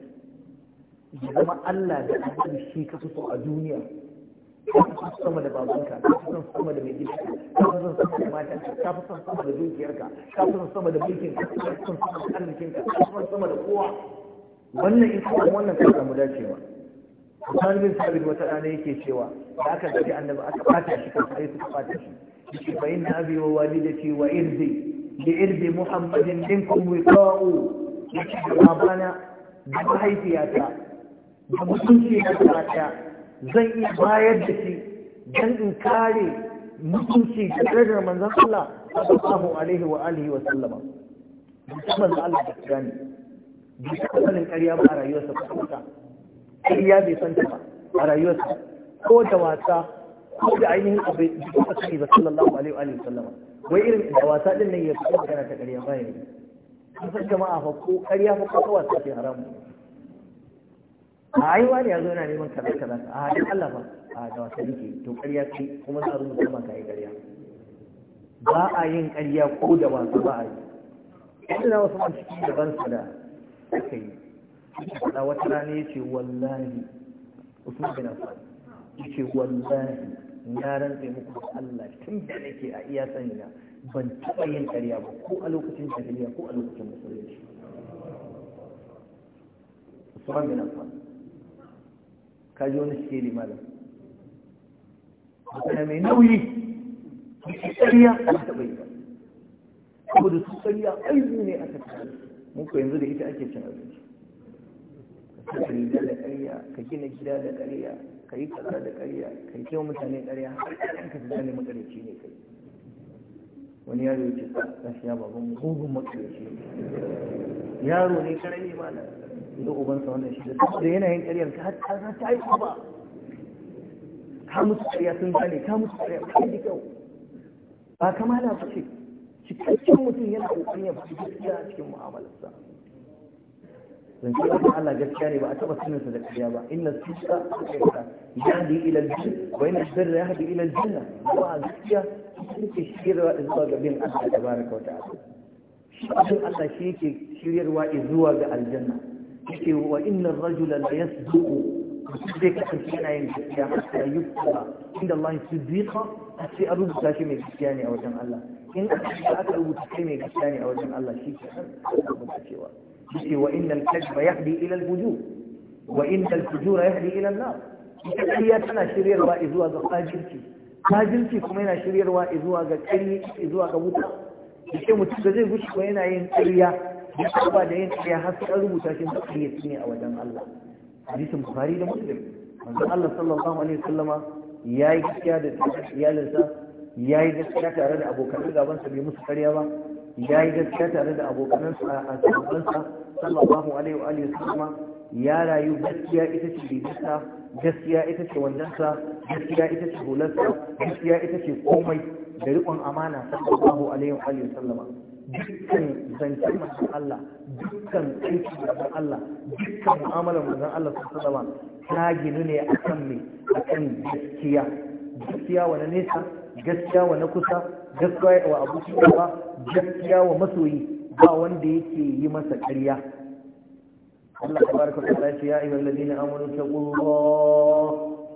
ya zama Allah da annabi shi ka so a duniya ka fi sama da babanka ka fi son sama da mai gidanka ka fi son sama da matan, ka fi son sama da dukiyarka ka fi son sama da mulkin, ka fi son sama da arzikinka ka fi son sama da kowa wannan ita wannan ka samu dacewa Usman bin Sabit wata rana yake cewa da aka gaji annabi aka fata shi kan sai suka fata shi yake fa inna abi wa walidati wa irdi li irdi Muhammadin minkum wiqa'u yake babana da mahaifiyata da mutunci na tsarata zan iya bayar da shi dan in kare mutunci da darajar manzon Allah sallallahu alaihi wa alihi wa sallama musamman da Allah da kirani bi ta ƙarya ba a rayuwarsa kwata ƙarya bai san ta a rayuwarsa ko da wasa ko da ainihin abu da suka sani ba sallallahu alaihi wa sallama wai irin da wasa din nan ya fi magana ta ƙarya ba ne an san jama'a fa ko ƙarya fa ko wasa ce haramu a aiwa ne ya zo yana neman kaza kaza a hadin Allah ba a da wasa yake to ƙarya ce kuma za a rubuta ka yi ƙarya ba a yin ƙarya ko da wasa ba a yi. Ina wasu masu cikin daban su da aka yi. da wata rana ya ce wallahi usman bin affan ya ce wallahi na rantse muku da Allah tun da nake a iya sanya ban taɓa yin ƙarya ba ko a lokacin jahiliya ko a lokacin musulunci usman bin affan ka ji wani shi ne malam magana mai nauyi shi ƙarya a taɓa yi ba saboda su ƙarya aibu ne a tattalin mun ko yanzu da ita ake cin abinci ka riga da ƙarya ka gina gida da ƙarya ka yi kaza da ƙarya ka yi kyau mutane ƙarya har ka ta gane makarici ne kai wani yaro ya ce gaskiya baban mugun makarici ne yaro ne karami mana da ubansa wannan shi da saboda yanayin ƙaryar ka har ta yi ba ka musu ƙarya sun gane ka musu ƙarya ba da kyau ba kamala ba ce cikakken mutum yana ƙoƙarin ya fi gaskiya a cikin mu'amalarsa zance da Allah gaskiya ne ba a taba sunan sa da kariya ba inna sika yahdi ila al-jinn wa inna sirra yahdi ila al-janna wa gaskiya yake shirwa zuwa ga bin Allah tabaraka wa ta'ala shi Allah shi yake shiryarwa zuwa ga aljanna yake wa inna ar-rajula la yasduqu zai kasance yana yin gaskiya hatta yukta inda Allah ya siddiqa a ce a rubuta shi mai gaskiya ne a wajen Allah in aka rubuta kai mai gaskiya ne a wajen Allah shi ke rubuta cewa yace wa innal kadhiba yahdi ila al-fujur wa innal fujura yahdi ila an-nar ita tana shiryarwa zuwa ga fajirci fajirci kuma yana shiryarwa zuwa ga ƙarya zuwa ga wuta yace mutum da zai gushi ko yana yin ƙarya ya saba da yin ƙarya har sai an rubuta shi da ƙarya ne a wajen Allah hadisin bukhari da muslim manzon Allah sallallahu alaihi wasallama yayi gaskiya da iyalinsa yayi gaskiya tare da abokan sa bai musu ƙarya ba ya yi gaskiya tare da abokanansa a sabansa sallallahu alaihi wa alihi sallama ya rayu gaskiya ita ce bibisa gaskiya ita ce wandansa gaskiya ita ce hularsa gaskiya ita ce komai da riƙon amana sallallahu alaihi wa alihi sallama dukkan zancen manzon Allah dukkan aiki manzon Allah dukkan mu'amalar manzon Allah sallallahu alaihi wa ta ginu ne akan me akan gaskiya gaskiya wa na nesa gaskiya wa na kusa gaskiya wa abokin gaba gaskiya wa masoyi ba wanda yake yi masa ƙarya Allah tabaraka ta ce ya ayyuhal ladina amanu taqullah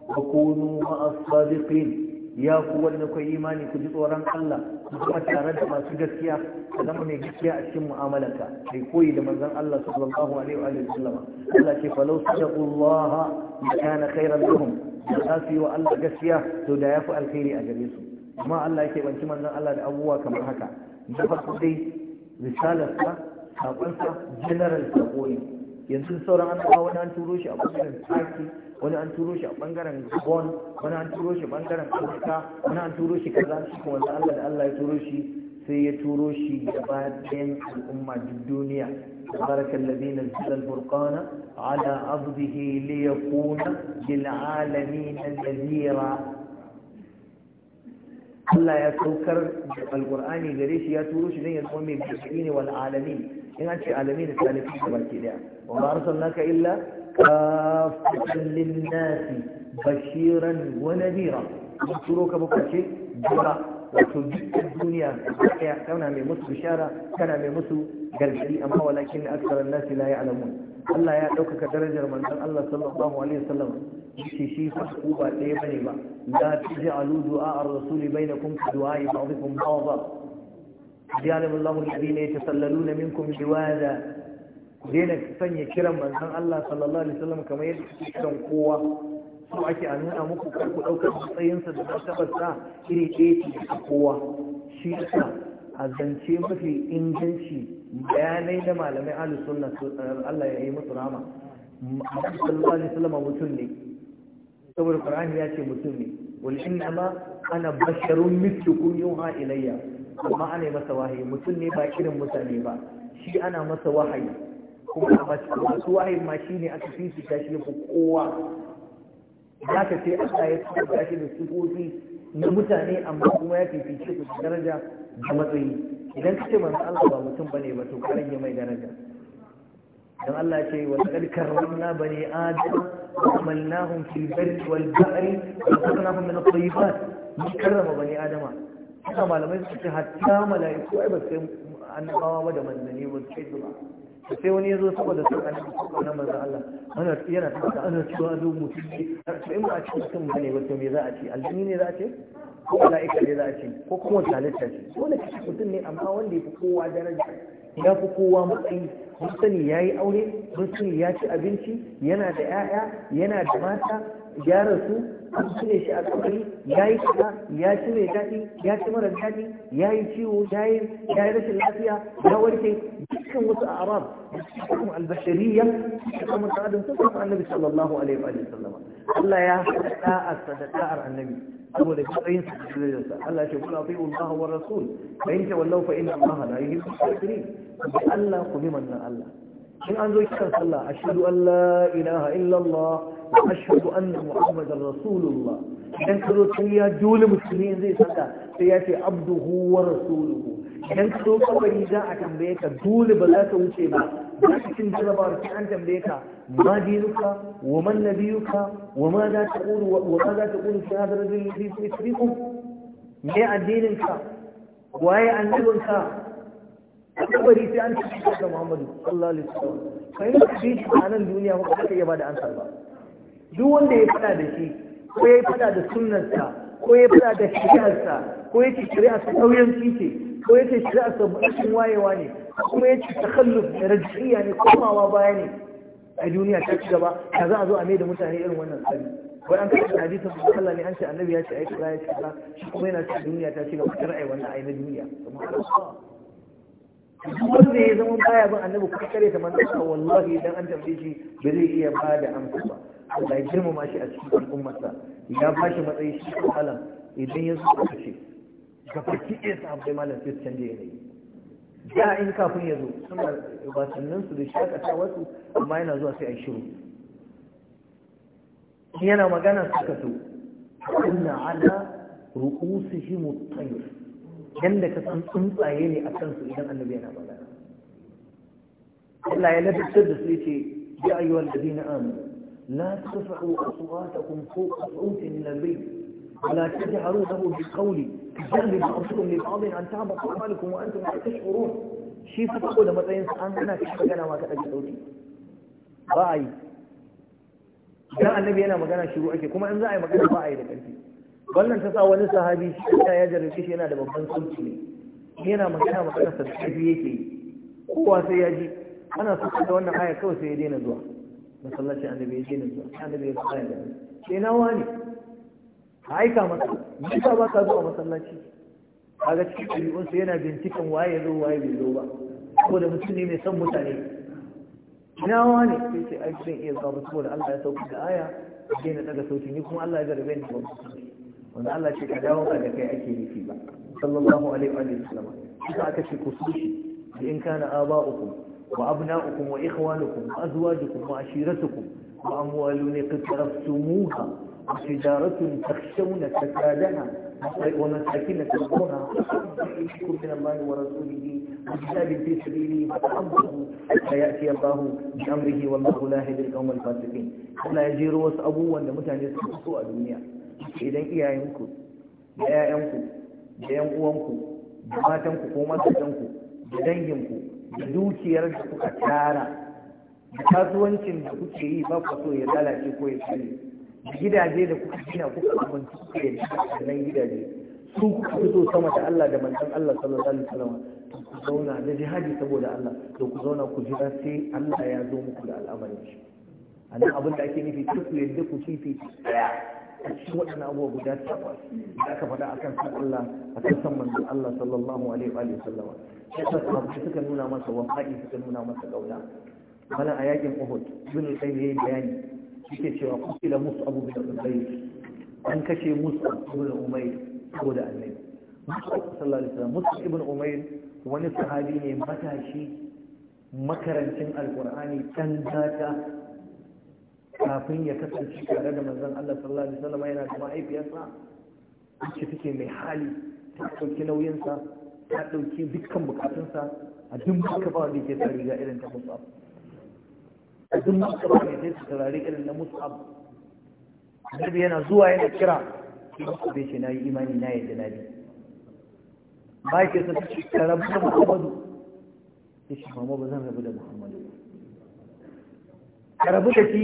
wa kunu ma'as sadiqin ya ku wanda ku imani ku ji tsoron Allah ku kuma tare da masu gaskiya ka zama mai gaskiya a cikin mu'amalarka kai koyi da manzon Allah sallallahu alaihi wa sallam Allah ce falau sadaqullaha kana khairan lahum da su yi wa Allah gaskiya to da fi alkhairi a gare su amma Allah yake banci manzon Allah da abubuwa kamar haka da farko dai risalarsa sakonsa general sako ne yanzu sauran annabawa wani an turo shi a bangaren Turkey wani an turo shi a bangaren Gabon wani an turo shi bangaren Afirka wani an turo shi kaza shi kuma wanda Allah da Allah ya turo shi sai ya turo shi gaba ɗayan al'umma duk duniya تبارك الذي نزل الفرقان على عبده ليكون للعالمين نذيرا Allah ya saukar da alkur'ani gare shi ya turo shi don ya zama mai bishiri ne wal alamin in an ce alamin da salifin da baki daya wa ma arsalnaka illa kafatan lin-nasi bashiran wa nadira mun turo ka ba ce jira wato dukkan duniya daya kana mai musu bishara kana mai musu gargadi amma walakin na aksaran nasi la ya'lamun Allah ya ɗaukaka darajar manzon Allah sallallahu alaihi wasallam shi shi fa ku ba ɗaya bane ba la taj'alu du'a ar-rasuli bainakum ka du'a ba'dikum ba'dha ya'lamu Allahu alladhina yatasalluna minkum biwada daina sanya kiran manzon Allah sallallahu alaihi wasallam kamar yadda kike kiran kowa so ake a nuna muku ku ɗaukar matsayinsa da martabarsa iri ɗaya a kowa shi yasa a zance mafi inganci bayanai da malamai ahlus sunna Allah ya yi musu rama Annabi sallallahu alaihi wasallam mutum ne saboda Qur'ani ya ce mutum ne wal innama ana basharun mithlukum yuha ilayya amma ana masa wahayi mutum ne ba irin mutane ba shi ana masa wahayi kuma masu wahayin ma shine aka fifita shi ko kowa za ka ce Allah ta tsaka shi da sifofi na mutane amma kuma ya fifice su da daraja da matsayi idan ka ce manzo Allah ba mutum bane ba to karin ya mai daraja dan Allah ya ce wa laqad karramna bani adam wa amalnahum fil barri wal bahri wa razaqnahum min at-tayyibat mun karrama bani adama haka malamai suka ce hatta mala'iku ai ba sai annabawa ba da manzanni ba sai su ba sai wani ya zo saboda sun annabi ko na maza Allah ana yana tabbata ana cewa zo mutum ne to in ba a cikin mutum bane ba to me za a ce aljini ne za a ce ko mala'ika ne za a ce ko kuma halitta ce wanda cikin mutum ne amma wanda ya fi kowa daraja ya fi kowa matsayi mun sani ya yi aure mun sani ya ci abinci yana da 'ya'ya yana da mata ya rasu an cire shi a kabari ya yi kaza ya ci mai daɗi ya ci mara daɗi ya yi ciwo ya yi rashin lafiya ya warke dukkan wasu a arab kuma albashariya da kuma sa'adun sun samu annabi sallallahu alaihi wa sallama Allah ya haɗa a sadaqar annabi saboda matsayin sa Allah ya ce kula fi Allah wa rasul fa in tawallaw fa inna Allah la yuhibbu al-kafirin Allah ku bi manzon Allah in an zo kiran sallah ashhadu an la ilaha illallah ashhadu anna muhammadar rasulullah idan ka zo sai ya dole musulmi zai saka sai ya ce abduhu wa rasuluhu idan ka zo kabari za a tambaye ka dole ba za ka wuce ba za ka cin sai an tambaye ka ma dinuka wa man nabiyuka wa ma za ta kulu wa ma za ta kulu waye annabin ka kabari sai an tambaye ka muhammadu sallallahu alaihi wasallam kai ne kake ji a nan duniya ko kake yaba da ansar ba duk wanda ya fada da shi ko ya fada da sunnarsa ko ya fada da shari'arsa ko ya ce shari'arsa sauyan fice ko ya ce shari'arsa buɗin wayewa ne kuma ya ce ta hallu da rajiya ne komawa baya ne a duniya ta ci gaba ta za a zo a mai da mutane irin wannan tsari wai an kashe hadisin su Allah ne an ce annabi ya ce ai kaza ya ce kaza shi kuma yana ci duniya ta ci gaba ta ra'ayi wannan ai na duniya wanda ya zama baya ban annabi kuma kare ta manzo wallahi idan an tambaye shi ba zai iya ba da amsa ba Allah ya girmama shi a cikin al'ummarsa ya ba shi matsayi shi alam idan ya zo ka ce ga farki ɗaya malam sai su canje yanayi ya in kafin ya zo suna wasannin su da shakata wasu, amma yana zuwa sai a shiru yana magana suka so inna ala ru'usihi mutayr yanda ka san tsuntsaye ne a kansu idan annabi yana magana Allah ya ladabtar da su yace ya ayyuhal ladina amanu لا ترفعوا أصواتكم فوق صوت النبي ولا تجهروا له بالقول كجهل بعضكم لبعض أن تعبط أعمالكم وأنتم لا تشعرون shi fa saboda matsayin sa an ana kashe magana ma ka ɗaga sauti ba a yi idan annabi yana magana shiru ake kuma in za a yi magana ba a yi da ƙarfi wannan ta sa wani sahabi shi ya jarrace shi yana da babban sauti ne yana magana magana sa da ƙarfi yake yi kowa sai ya ji ana so da wannan aya kawai sai ya daina zuwa masallaci annabi ya ce ne zuwa annabi ya fara da ke nawa ne a aika masa nisa ba ka zuwa masallaci kaga cikin ɗabi'unsa yana binciken waye ya zo waye bai zo ba saboda mutum ne mai son mutane nawa ne sai ce ai zan iya zuwa ba saboda Allah ya sauka da aya a na daga sauti ni kuma Allah ya garbe ni ba wanda Allah ce ka dawo ka da kai ake nufi ba sallallahu alaihi wa sallam shi aka ce ku sushi in kana aba'ukum وأبناؤكم وإخوانكم وأزواجكم وعشيرتكم وأموال اقترفتموها وتجارة تخشون كسادها ومساكن تلقونها إليكم من الله ورسوله وجهاد في سبيله فتعبدوا حتى يأتي الله بأمره والله لا يهدي القوم الفاسقين لا يجير وسأبوا أن متعني سوء الدنيا إذا إيا ينكو إيا ينكو إيا ينكو da matanku ko matanku da ينكو da dukiyar da kuka tara da kasuwancin da kuke yi ba ku so ya lalace ko ya kare da gidaje da kuka gina kuka abinci kuka yi nan gidaje su kuka so sama da Allah da manzon Allah sallallahu alaihi wasallam ku zauna da jihadi saboda Allah to ku zauna ku jira sai Allah ya zo muku da al'amarin shi anan abin da ake nufi duk yadda ku fifi daya a cikin waɗannan abubuwa guda takwas da aka faɗa akan san Allah a kan san manzon Allah sallallahu alaihi wa yasa sahabbai suka nuna masa wafa'i suka nuna masa ƙauna. mana a yakin uhud bin sai yayi bayani Suke cewa da musu abu bin umayr an kashe musu ibn umayr saboda annabi musu sallallahu alaihi wasallam musu ibn umayr wani sahabi ne matashi makarancin alkur'ani dan gata kafin ya kasance tare da manzon Allah sallallahu alaihi wasallam yana da mahaifiyarsa wacce take mai hali ta ɗauki nauyinsa ta ɗauki dukkan bukatunsa a duk maka ba wanda ke tsari ga irin ta musab a duk maka ba wanda ke tsari irin na musab annabi yana zuwa yana kira shi ba bai ce na yi imani na yadda na bi ba ke sa ce ka rabu da muhammadu ya ce mama ba zan rabu da muhammadu ka rabu da shi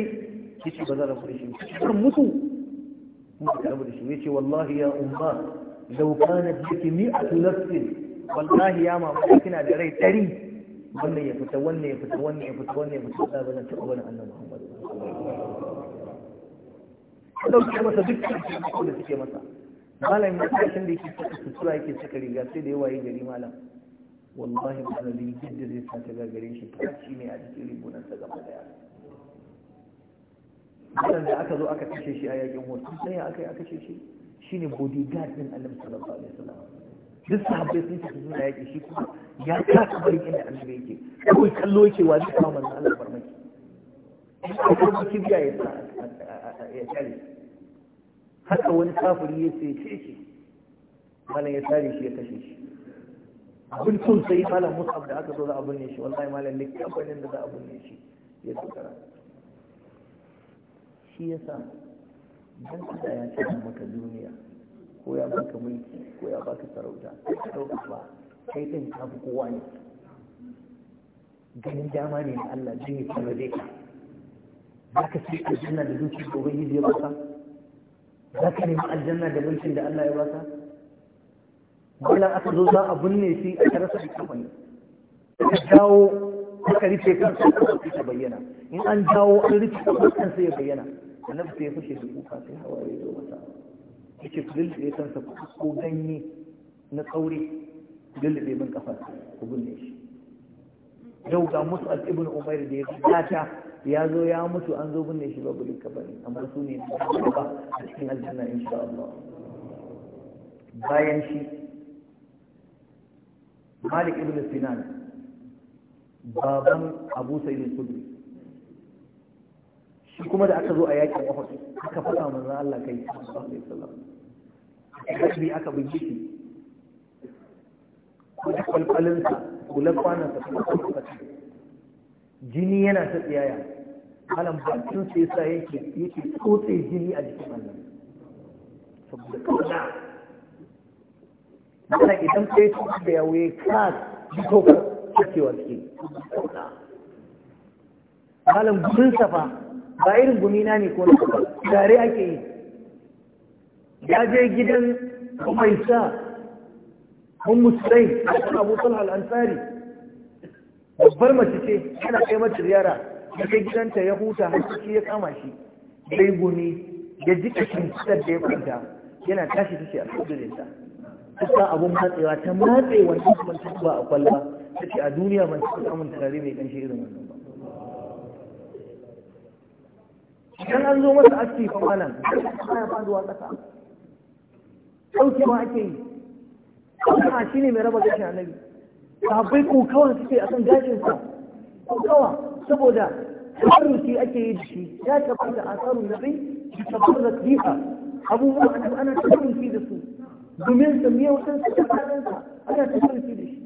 ya ce ba zan rabu da shi kan mutu mutu ka rabu da shi ya ce wallahi ya umma لو كانت لك مئة نفس wallahi ya mamaki kina da rai ɗari wannan ya fita wannan ya fita wannan ya fita wannan ya fita da ba zan taɓa wani annabi Muhammad ka ɗauke masa dukkan taimako da suke masa malam matashin da yake saka sutura yake saka riga sai da yawa yi gari malam wallahi malamin yadda zai sa ta gagare shi fashi ne a cikin ribunansa gaba daya da aka zo aka kashe shi a yakin hoto sai aka yi aka kashe shi shine bodyguard din annabi sallallahu alaihi wasallam duk sahabbai sun tafi suna yaƙi shi kuma ya kasa barin inda annabi yake kawai kallo yake wa zai kawo manzo Allah farmaki in ka kuma kibiya ya ya tare haka wani kafiri ya ce ce shi malam ya tare shi ya kashe shi abin kun sai malam musab da aka zo za a binne shi wallahi malam ne kabarin da za a binne shi ya tsara shi yasa dan Allah ya tsara maka duniya ko ya baka mulki ko ya baka sarauta ba kai din ka kowa ne ganin dama ne na Allah jini kuma zai ka za ka ce aljanna da zuci bai yi ba ka za ka nemi aljanna da mulkin da Allah ya ka wala aka zo za a binne shi a karasa da kamani ka dawo aka rufe kansa a ta bayyana in an dawo an rufe kansa ya bayyana annabi sai ya fashe da kuka sai hawaye zo masa cikin ku lullube kansa ko ganye na tsauri lullube min kafa ku binne shi yau ga musu al'ibin Umar da ya gata ya zo ya mutu an zo binne shi babu bane amma su ne ba a cikin aljanna in sha Allah bayan shi Malik ibn Sinan baban Abu Sayyid al shi kuma da aka zo a yakin uhud aka faɗa manzon Allah kai sallallahu alaihi wasallam kashi aka bugi shi ko da kwalkwalinsa kula kwanansa kuma kuma jini yana ta tsiyaya alam bakin sai sa yake yake tsotse jini a jikin Allah saboda kuma mana idan kai su da yawo ya ka jiko ka cewa suke kauna malam gudun safa ba irin gumi na ne ko na tare ake yi ya je gidan sa kun musulai a kan abu al'ansari babbar mace ce yana kai mata yara ya kai gidanta ya huta hankali ya kama shi bai gumi ya ji kashin fitar da ya kwanta yana tashi tashi a kudurinsa kusa abun matsewa ta matse wannan kuma ta ba a kwalba ta ce a duniya ban kusa samun tare mai kanshi irin wannan ba idan an zo masa aski fa malam ana faduwa ƙasa ɗaukewa ake yi kuma shi ne mai raba gashin annabi sahabbai kokawa suke a kan gashinsa kokawa saboda tabarruki ake yi da shi ya tabbata a tsarin nabi da tabarruki biha abubuwa ana tabarruki da su domin da miyau sun su tsakaninsa ana tabarruki da shi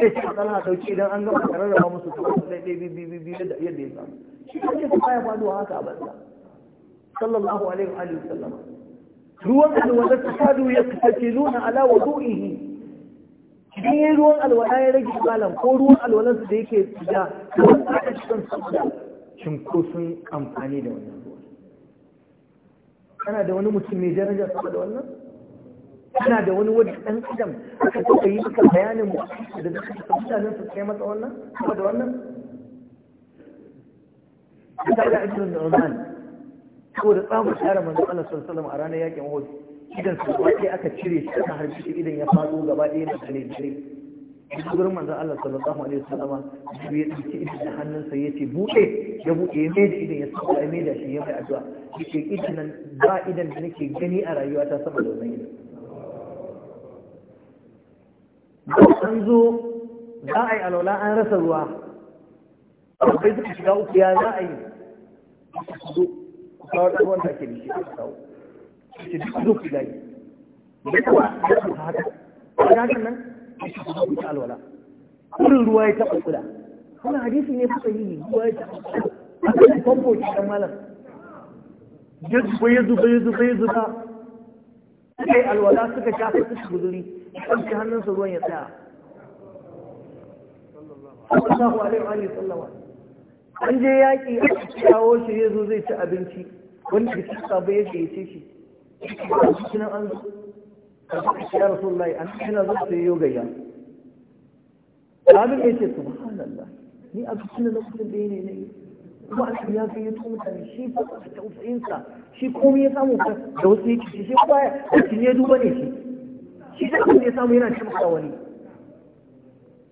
sai shi a tsara idan an gama kararraba musu tabarruki ɗaya biyu biyu biyu yadda ya samu shi kake ya baya faduwa haka a banza sallallahu alaihi wa sallam ruwan alwada ta fadu ya tasiluna ala wudu'ihi idan yayin ruwan alwada ya rage malam ko ruwan alwada da yake tsaya ko aka cikin sabda shin ko sun amfani da wannan ruwan kana da wani mutum mai daraja sama da wannan kana da wani wani ɗan adam aka yi maka bayanin mu da zai ka nan su kai masa wannan da wannan ta ga ibn Nu'man saboda tsabar share manzo Allah sallallahu alaihi wasallam a ranar yakin Uhud idan su ba sai aka cire shi aka harbi shi idan ya faɗo gaba ɗaya da kare dare shi gurin manzo Allah sallallahu alaihi wasallam ya tsike idan da ya yace buɗe ya buɗe ya da idan ya saba ya da shi ya mai addu'a yace idan nan ba idan da nake gani a rayuwata sama da wannan idan an zo za a yi alola an rasa ruwa akwai suka shiga uku ya za a yi su zo ku kawo ɗan wanda ake nishi a kawo su duk zo ku gani da kuma ya su haka da haka nan su zo ku ta alwala kurin ruwa ya taɓa kuda kuma hadisi ne kuka yi ruwa ya taɓa kuda a kan famfo ke kan malam ya zuba ya zuba ya zuba ya zuba suka yi alwala suka shafa suka guzuri ɗauki hannunsa ruwan ya tsaya sallallahu alaihi wa sallam an je yaƙi a kawo shi ya zo zai ci abinci wanda da kisa ba ya ce shi cikin an zo ya rasulullahi an ina zo su yi yo gayya abin ya ce subhanallah ni abincin da lokacin da ne yi. kuma an ya gayyato mutane shi ba da tausayinsa shi komai ya samu da wasu yake shi shi ba ya cinye duba ne shi shi da ya samu yana taimakawa ne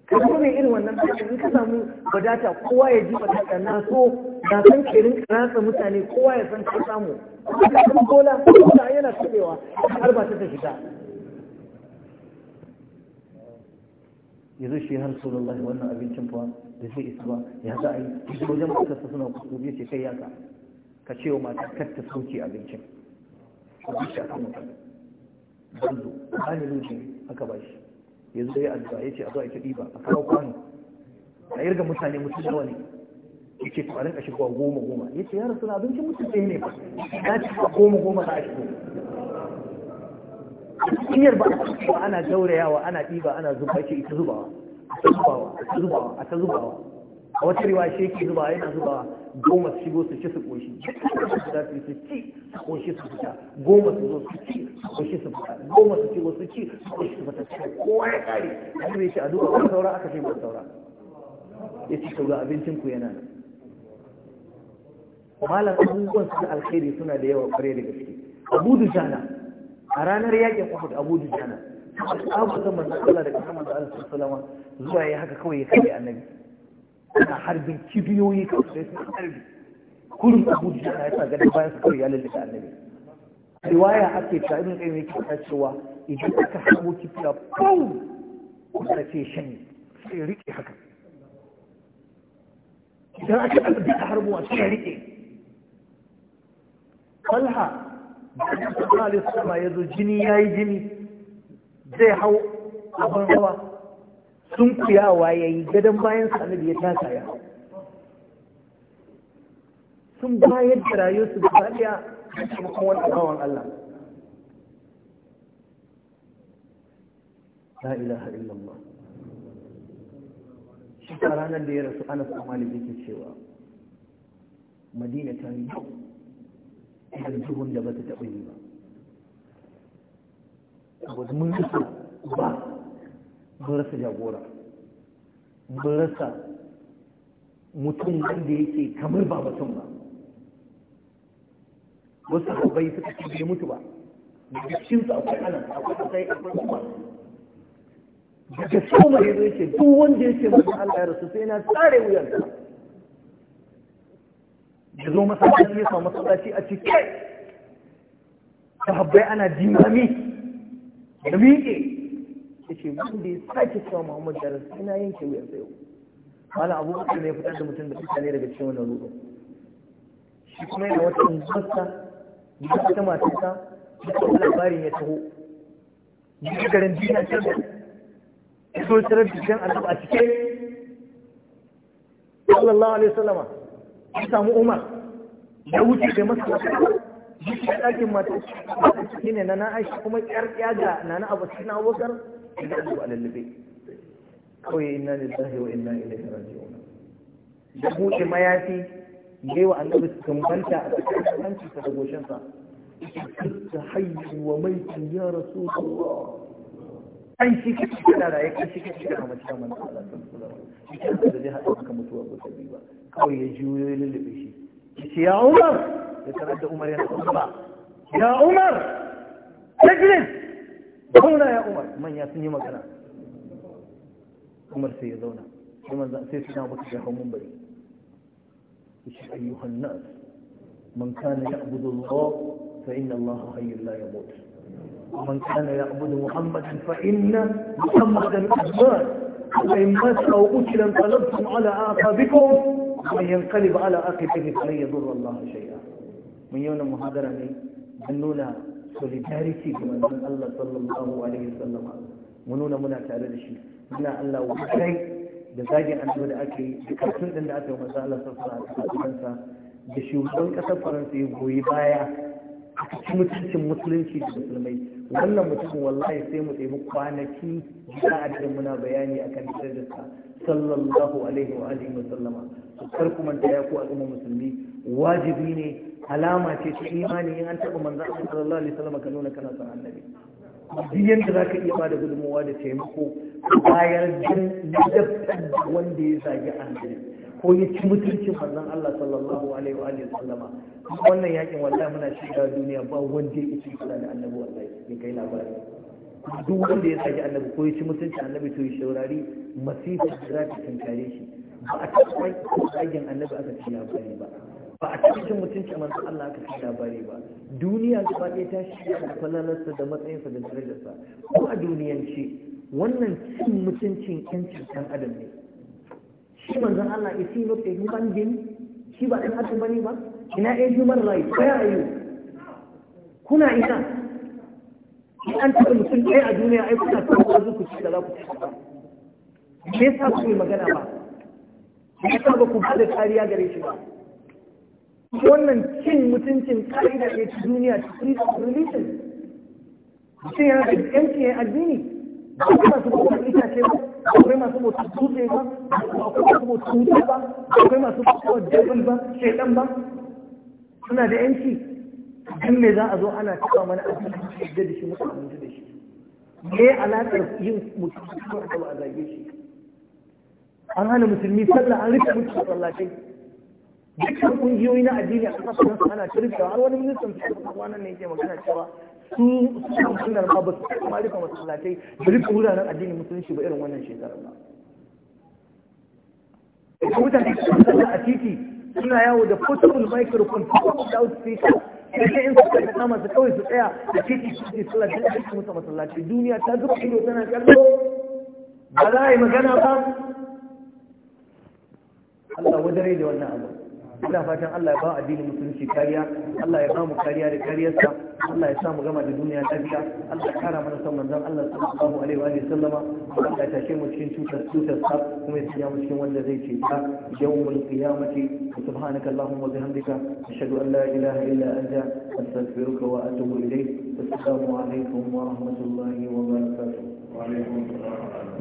ka zama mai irin wannan fashin in ka samu wadata kowa ya ji wadata na so na san kerin ratsa mutane kowa ya san ka samu ka zama bola bola yana tabewa har ba ta ta shiga yanzu shi har sallallahu wannan abincin fa da zai isa ba ya za a yi duk wajen matarsa suna kuskure ce kai yaka ka ce wa mata kar ta sauke abincin ka a kan akan ba banzo ɗalibin shi aka ba shi Yanzu zo ya addu'a ya ce a zo a kiɗi ba a kawo kwano a irga mutane mutum nawa ne ya ce kwarin a shigowa goma goma ya ce ya rasu abincin mutum ɗaya ne ba ya ce a goma goma za a shigo iyar ba a ana gaurayawa ana ɗiba ana zuba ce ita zubawa a ta zubawa a ta zubawa a ta zubawa a wata riwa shi yake zubawa yana zubawa goma su shigo su ci su ƙoshi duk da su su ci su ƙoshi su fita goma su zo su ci su ƙoshi su fita goma su shigo su ci su ƙoshi su fita kowa ya kare annabi ya ce a duka wani saura aka ce ba saura ya ce ga abincin ku yana nan malam abubuwan su alkhairi suna da yawa kware da gaske abu dujana a ranar yakin uhud abu dujana abu zan manzo Allah da kamar manzo Allah sallallahu alaihi wasallam zuwa ya haka kawai ya kai annabi انا حرب كيبيوي كوسيس حرب كل ما هو جانا هذا قد ما يذكر يا اللي كان لي رواية حتى تعلم قيمة كتشوا إذا تحمو كتيا بوم وستي شني سيريكي حكا إذا أكتب بيت حربوا سيريكي فلها بعد سؤال السماء يدو جني ياي جني زي حو أبو الله sun kuyawa ya yi gadon bayan annabi ya tasa ya sun bayar da rayuwarsu da faɗiya a cikin wani bawan Allah la ilaha illallah shi ta ranar da ya rasu anas amalik yake cewa madina ta yi irin duhun da ba ta taɓa yi ba abu mun ba mun rasa jagora mun rasa mutum wanda yake kamar ba mutum ba wasu habai suka ce bai mutu ba da cikinsu akwai anan akwai akwai akwai kuma daga soma ya zai ce duk wanda ya ce mutum Allah ya rasu sai na tsare ta ya zo masallaci ya samu masallaci a cikin ta habbai ana dinami da miƙe ce wanda ya sake cewa Muhammad Daras ina yanke wuyan sayo mala Abu Bakar ne ya fitar da mutum da ne daga cikin wannan ruɗu shi kuma yana wata unguwarsa ta wata matarsa wani labarin ya taho gidan garin duniya ta da ya so tarar da jan Allah a cike sallallahu alaihi sallama. ya samu Umar ya wuce da masa ya ɗakin matar shi ne na na kuma ƙyar ƙyaga na na abu na wakar? idan su a lallabe kawai inna lillahi wa inna da buɗe mayafi da wa annabi su banta a cikin hanci da goshinsa ta hayyu wa maitin ya rasulullah an shi kake kana raye kan shi kake kana mace man Allah ta kula shi da zai hada maka mutuwa ko tabi ba kawai ya ya shi ya Umar ya da Umar ba ya Umar zauna ya umar manya sun yi magana umar sai ya zauna sai manzan sai suna baka ga hamun bari shi ayyuhan nas man kana ya'budu Allah fa inna Allah hayyul la yamut man kana ya'budu Muhammadan fa inna Muhammadan qad فإن مات أو قتل انقلبتم على أعقابكم ومن ينقلب على عقبه فلن يضر الله شيئا من يوم المهاجرة من نونا solidarity ga manzon Allah sallallahu alaihi wasallama mu nuna muna tare da shi muna Allah wa kai da zagin annabi da ake yi da karfin din da aka yi manzon Allah sallallahu alaihi da shugaban kasar Faransa ya goyi baya aka ci mutuncin musulunci da musulmai wannan mutumin wallahi sai mu ɗebi kwanaki da adadin muna bayani akan sa sallallahu alaihi wa alihi wasallama kar ku manta ya ku al'umma musulmi wajibi ne alama ce ta imani in an taɓa manzan Allah sallallahu alaihi wasallam ka nuna kana son annabi duk yanda za ka iya ba da gudunmawa da taimako bayar jin ladabtar da wanda ya zagi annabi ko ya ci mutuncin manzan Allah sallallahu alaihi wa sallama wannan yakin wallahi muna shiga duniya ba wanda ya ci kula da annabi wallahi ya kai labari duk wanda ya zagi annabi ko ya ci mutuncin annabi to ya shaurari masifar da za ta tankare shi ba a taɓa zagin annabi aka ci labari ba ba a cikin mutunci a manzan Allah aka kai labari ba duniya gaba ɗaya ta shirya da falalarsa da matsayinsa da darajarsa ko a duniyance wannan cin mutuncin yancin ɗan adam ne shi manzan Allah is he not a human being shi ba ɗan adam bane ba ina a human right where a you kuna ina shi an taɓa mutum ɗaya a duniya ai kuna kuma zuku ci da za ku ci ba me yasa ku yi magana ba me yasa ba ku ba da kariya gare shi ba wannan cin mutuncin ka'ida ya ci duniya ta free da religion mutum yana da yanci ya addini ba akwai masu bautar itace ba akwai masu bautar dutse ba akwai masu bautar wuta ba akwai masu bautar jabal ba shaidan ba suna da yanci duk me za a zo ana taba mana addini da da shi muka amince da shi me alaƙar yin mutum a zage shi an hana musulmi sallah an rufe mutum a sallatai dukkan kungiyoyi na addini a kasar su ana shirka har wani ministan wannan ne ke magana cewa su su sunan ma ba su kuma rika masallatai da rika wuraren addini musulunci ba irin wannan shekarar ba idan mutane su sallah a titi suna yawo da portable microphone ko without speaker sai in suka ta kama su kawai su tsaya da titi su ke sallah da su musu masallatai duniya ta zuba ido tana kallo ba za a yi magana ba Allah wadare da wannan abu ina fatan Allah ya ba addinin musulunci kariya Allah ya ba mu kariya da kariyarsa Allah ya sa mu gama da duniya lafiya Allah ya kara mana son manzon Allah sallallahu alaihi wa sallama Allah ya tashe mu cikin cutar cutar sa kuma ya tsaya mu cikin wanda zai ce ta yawmul qiyamati subhanaka allahumma bihamdika ashhadu an la ilaha illa anta astaghfiruka wa atubu ilayk assalamu alaikum wa rahmatullahi wa barakatuh wa alaikum assalam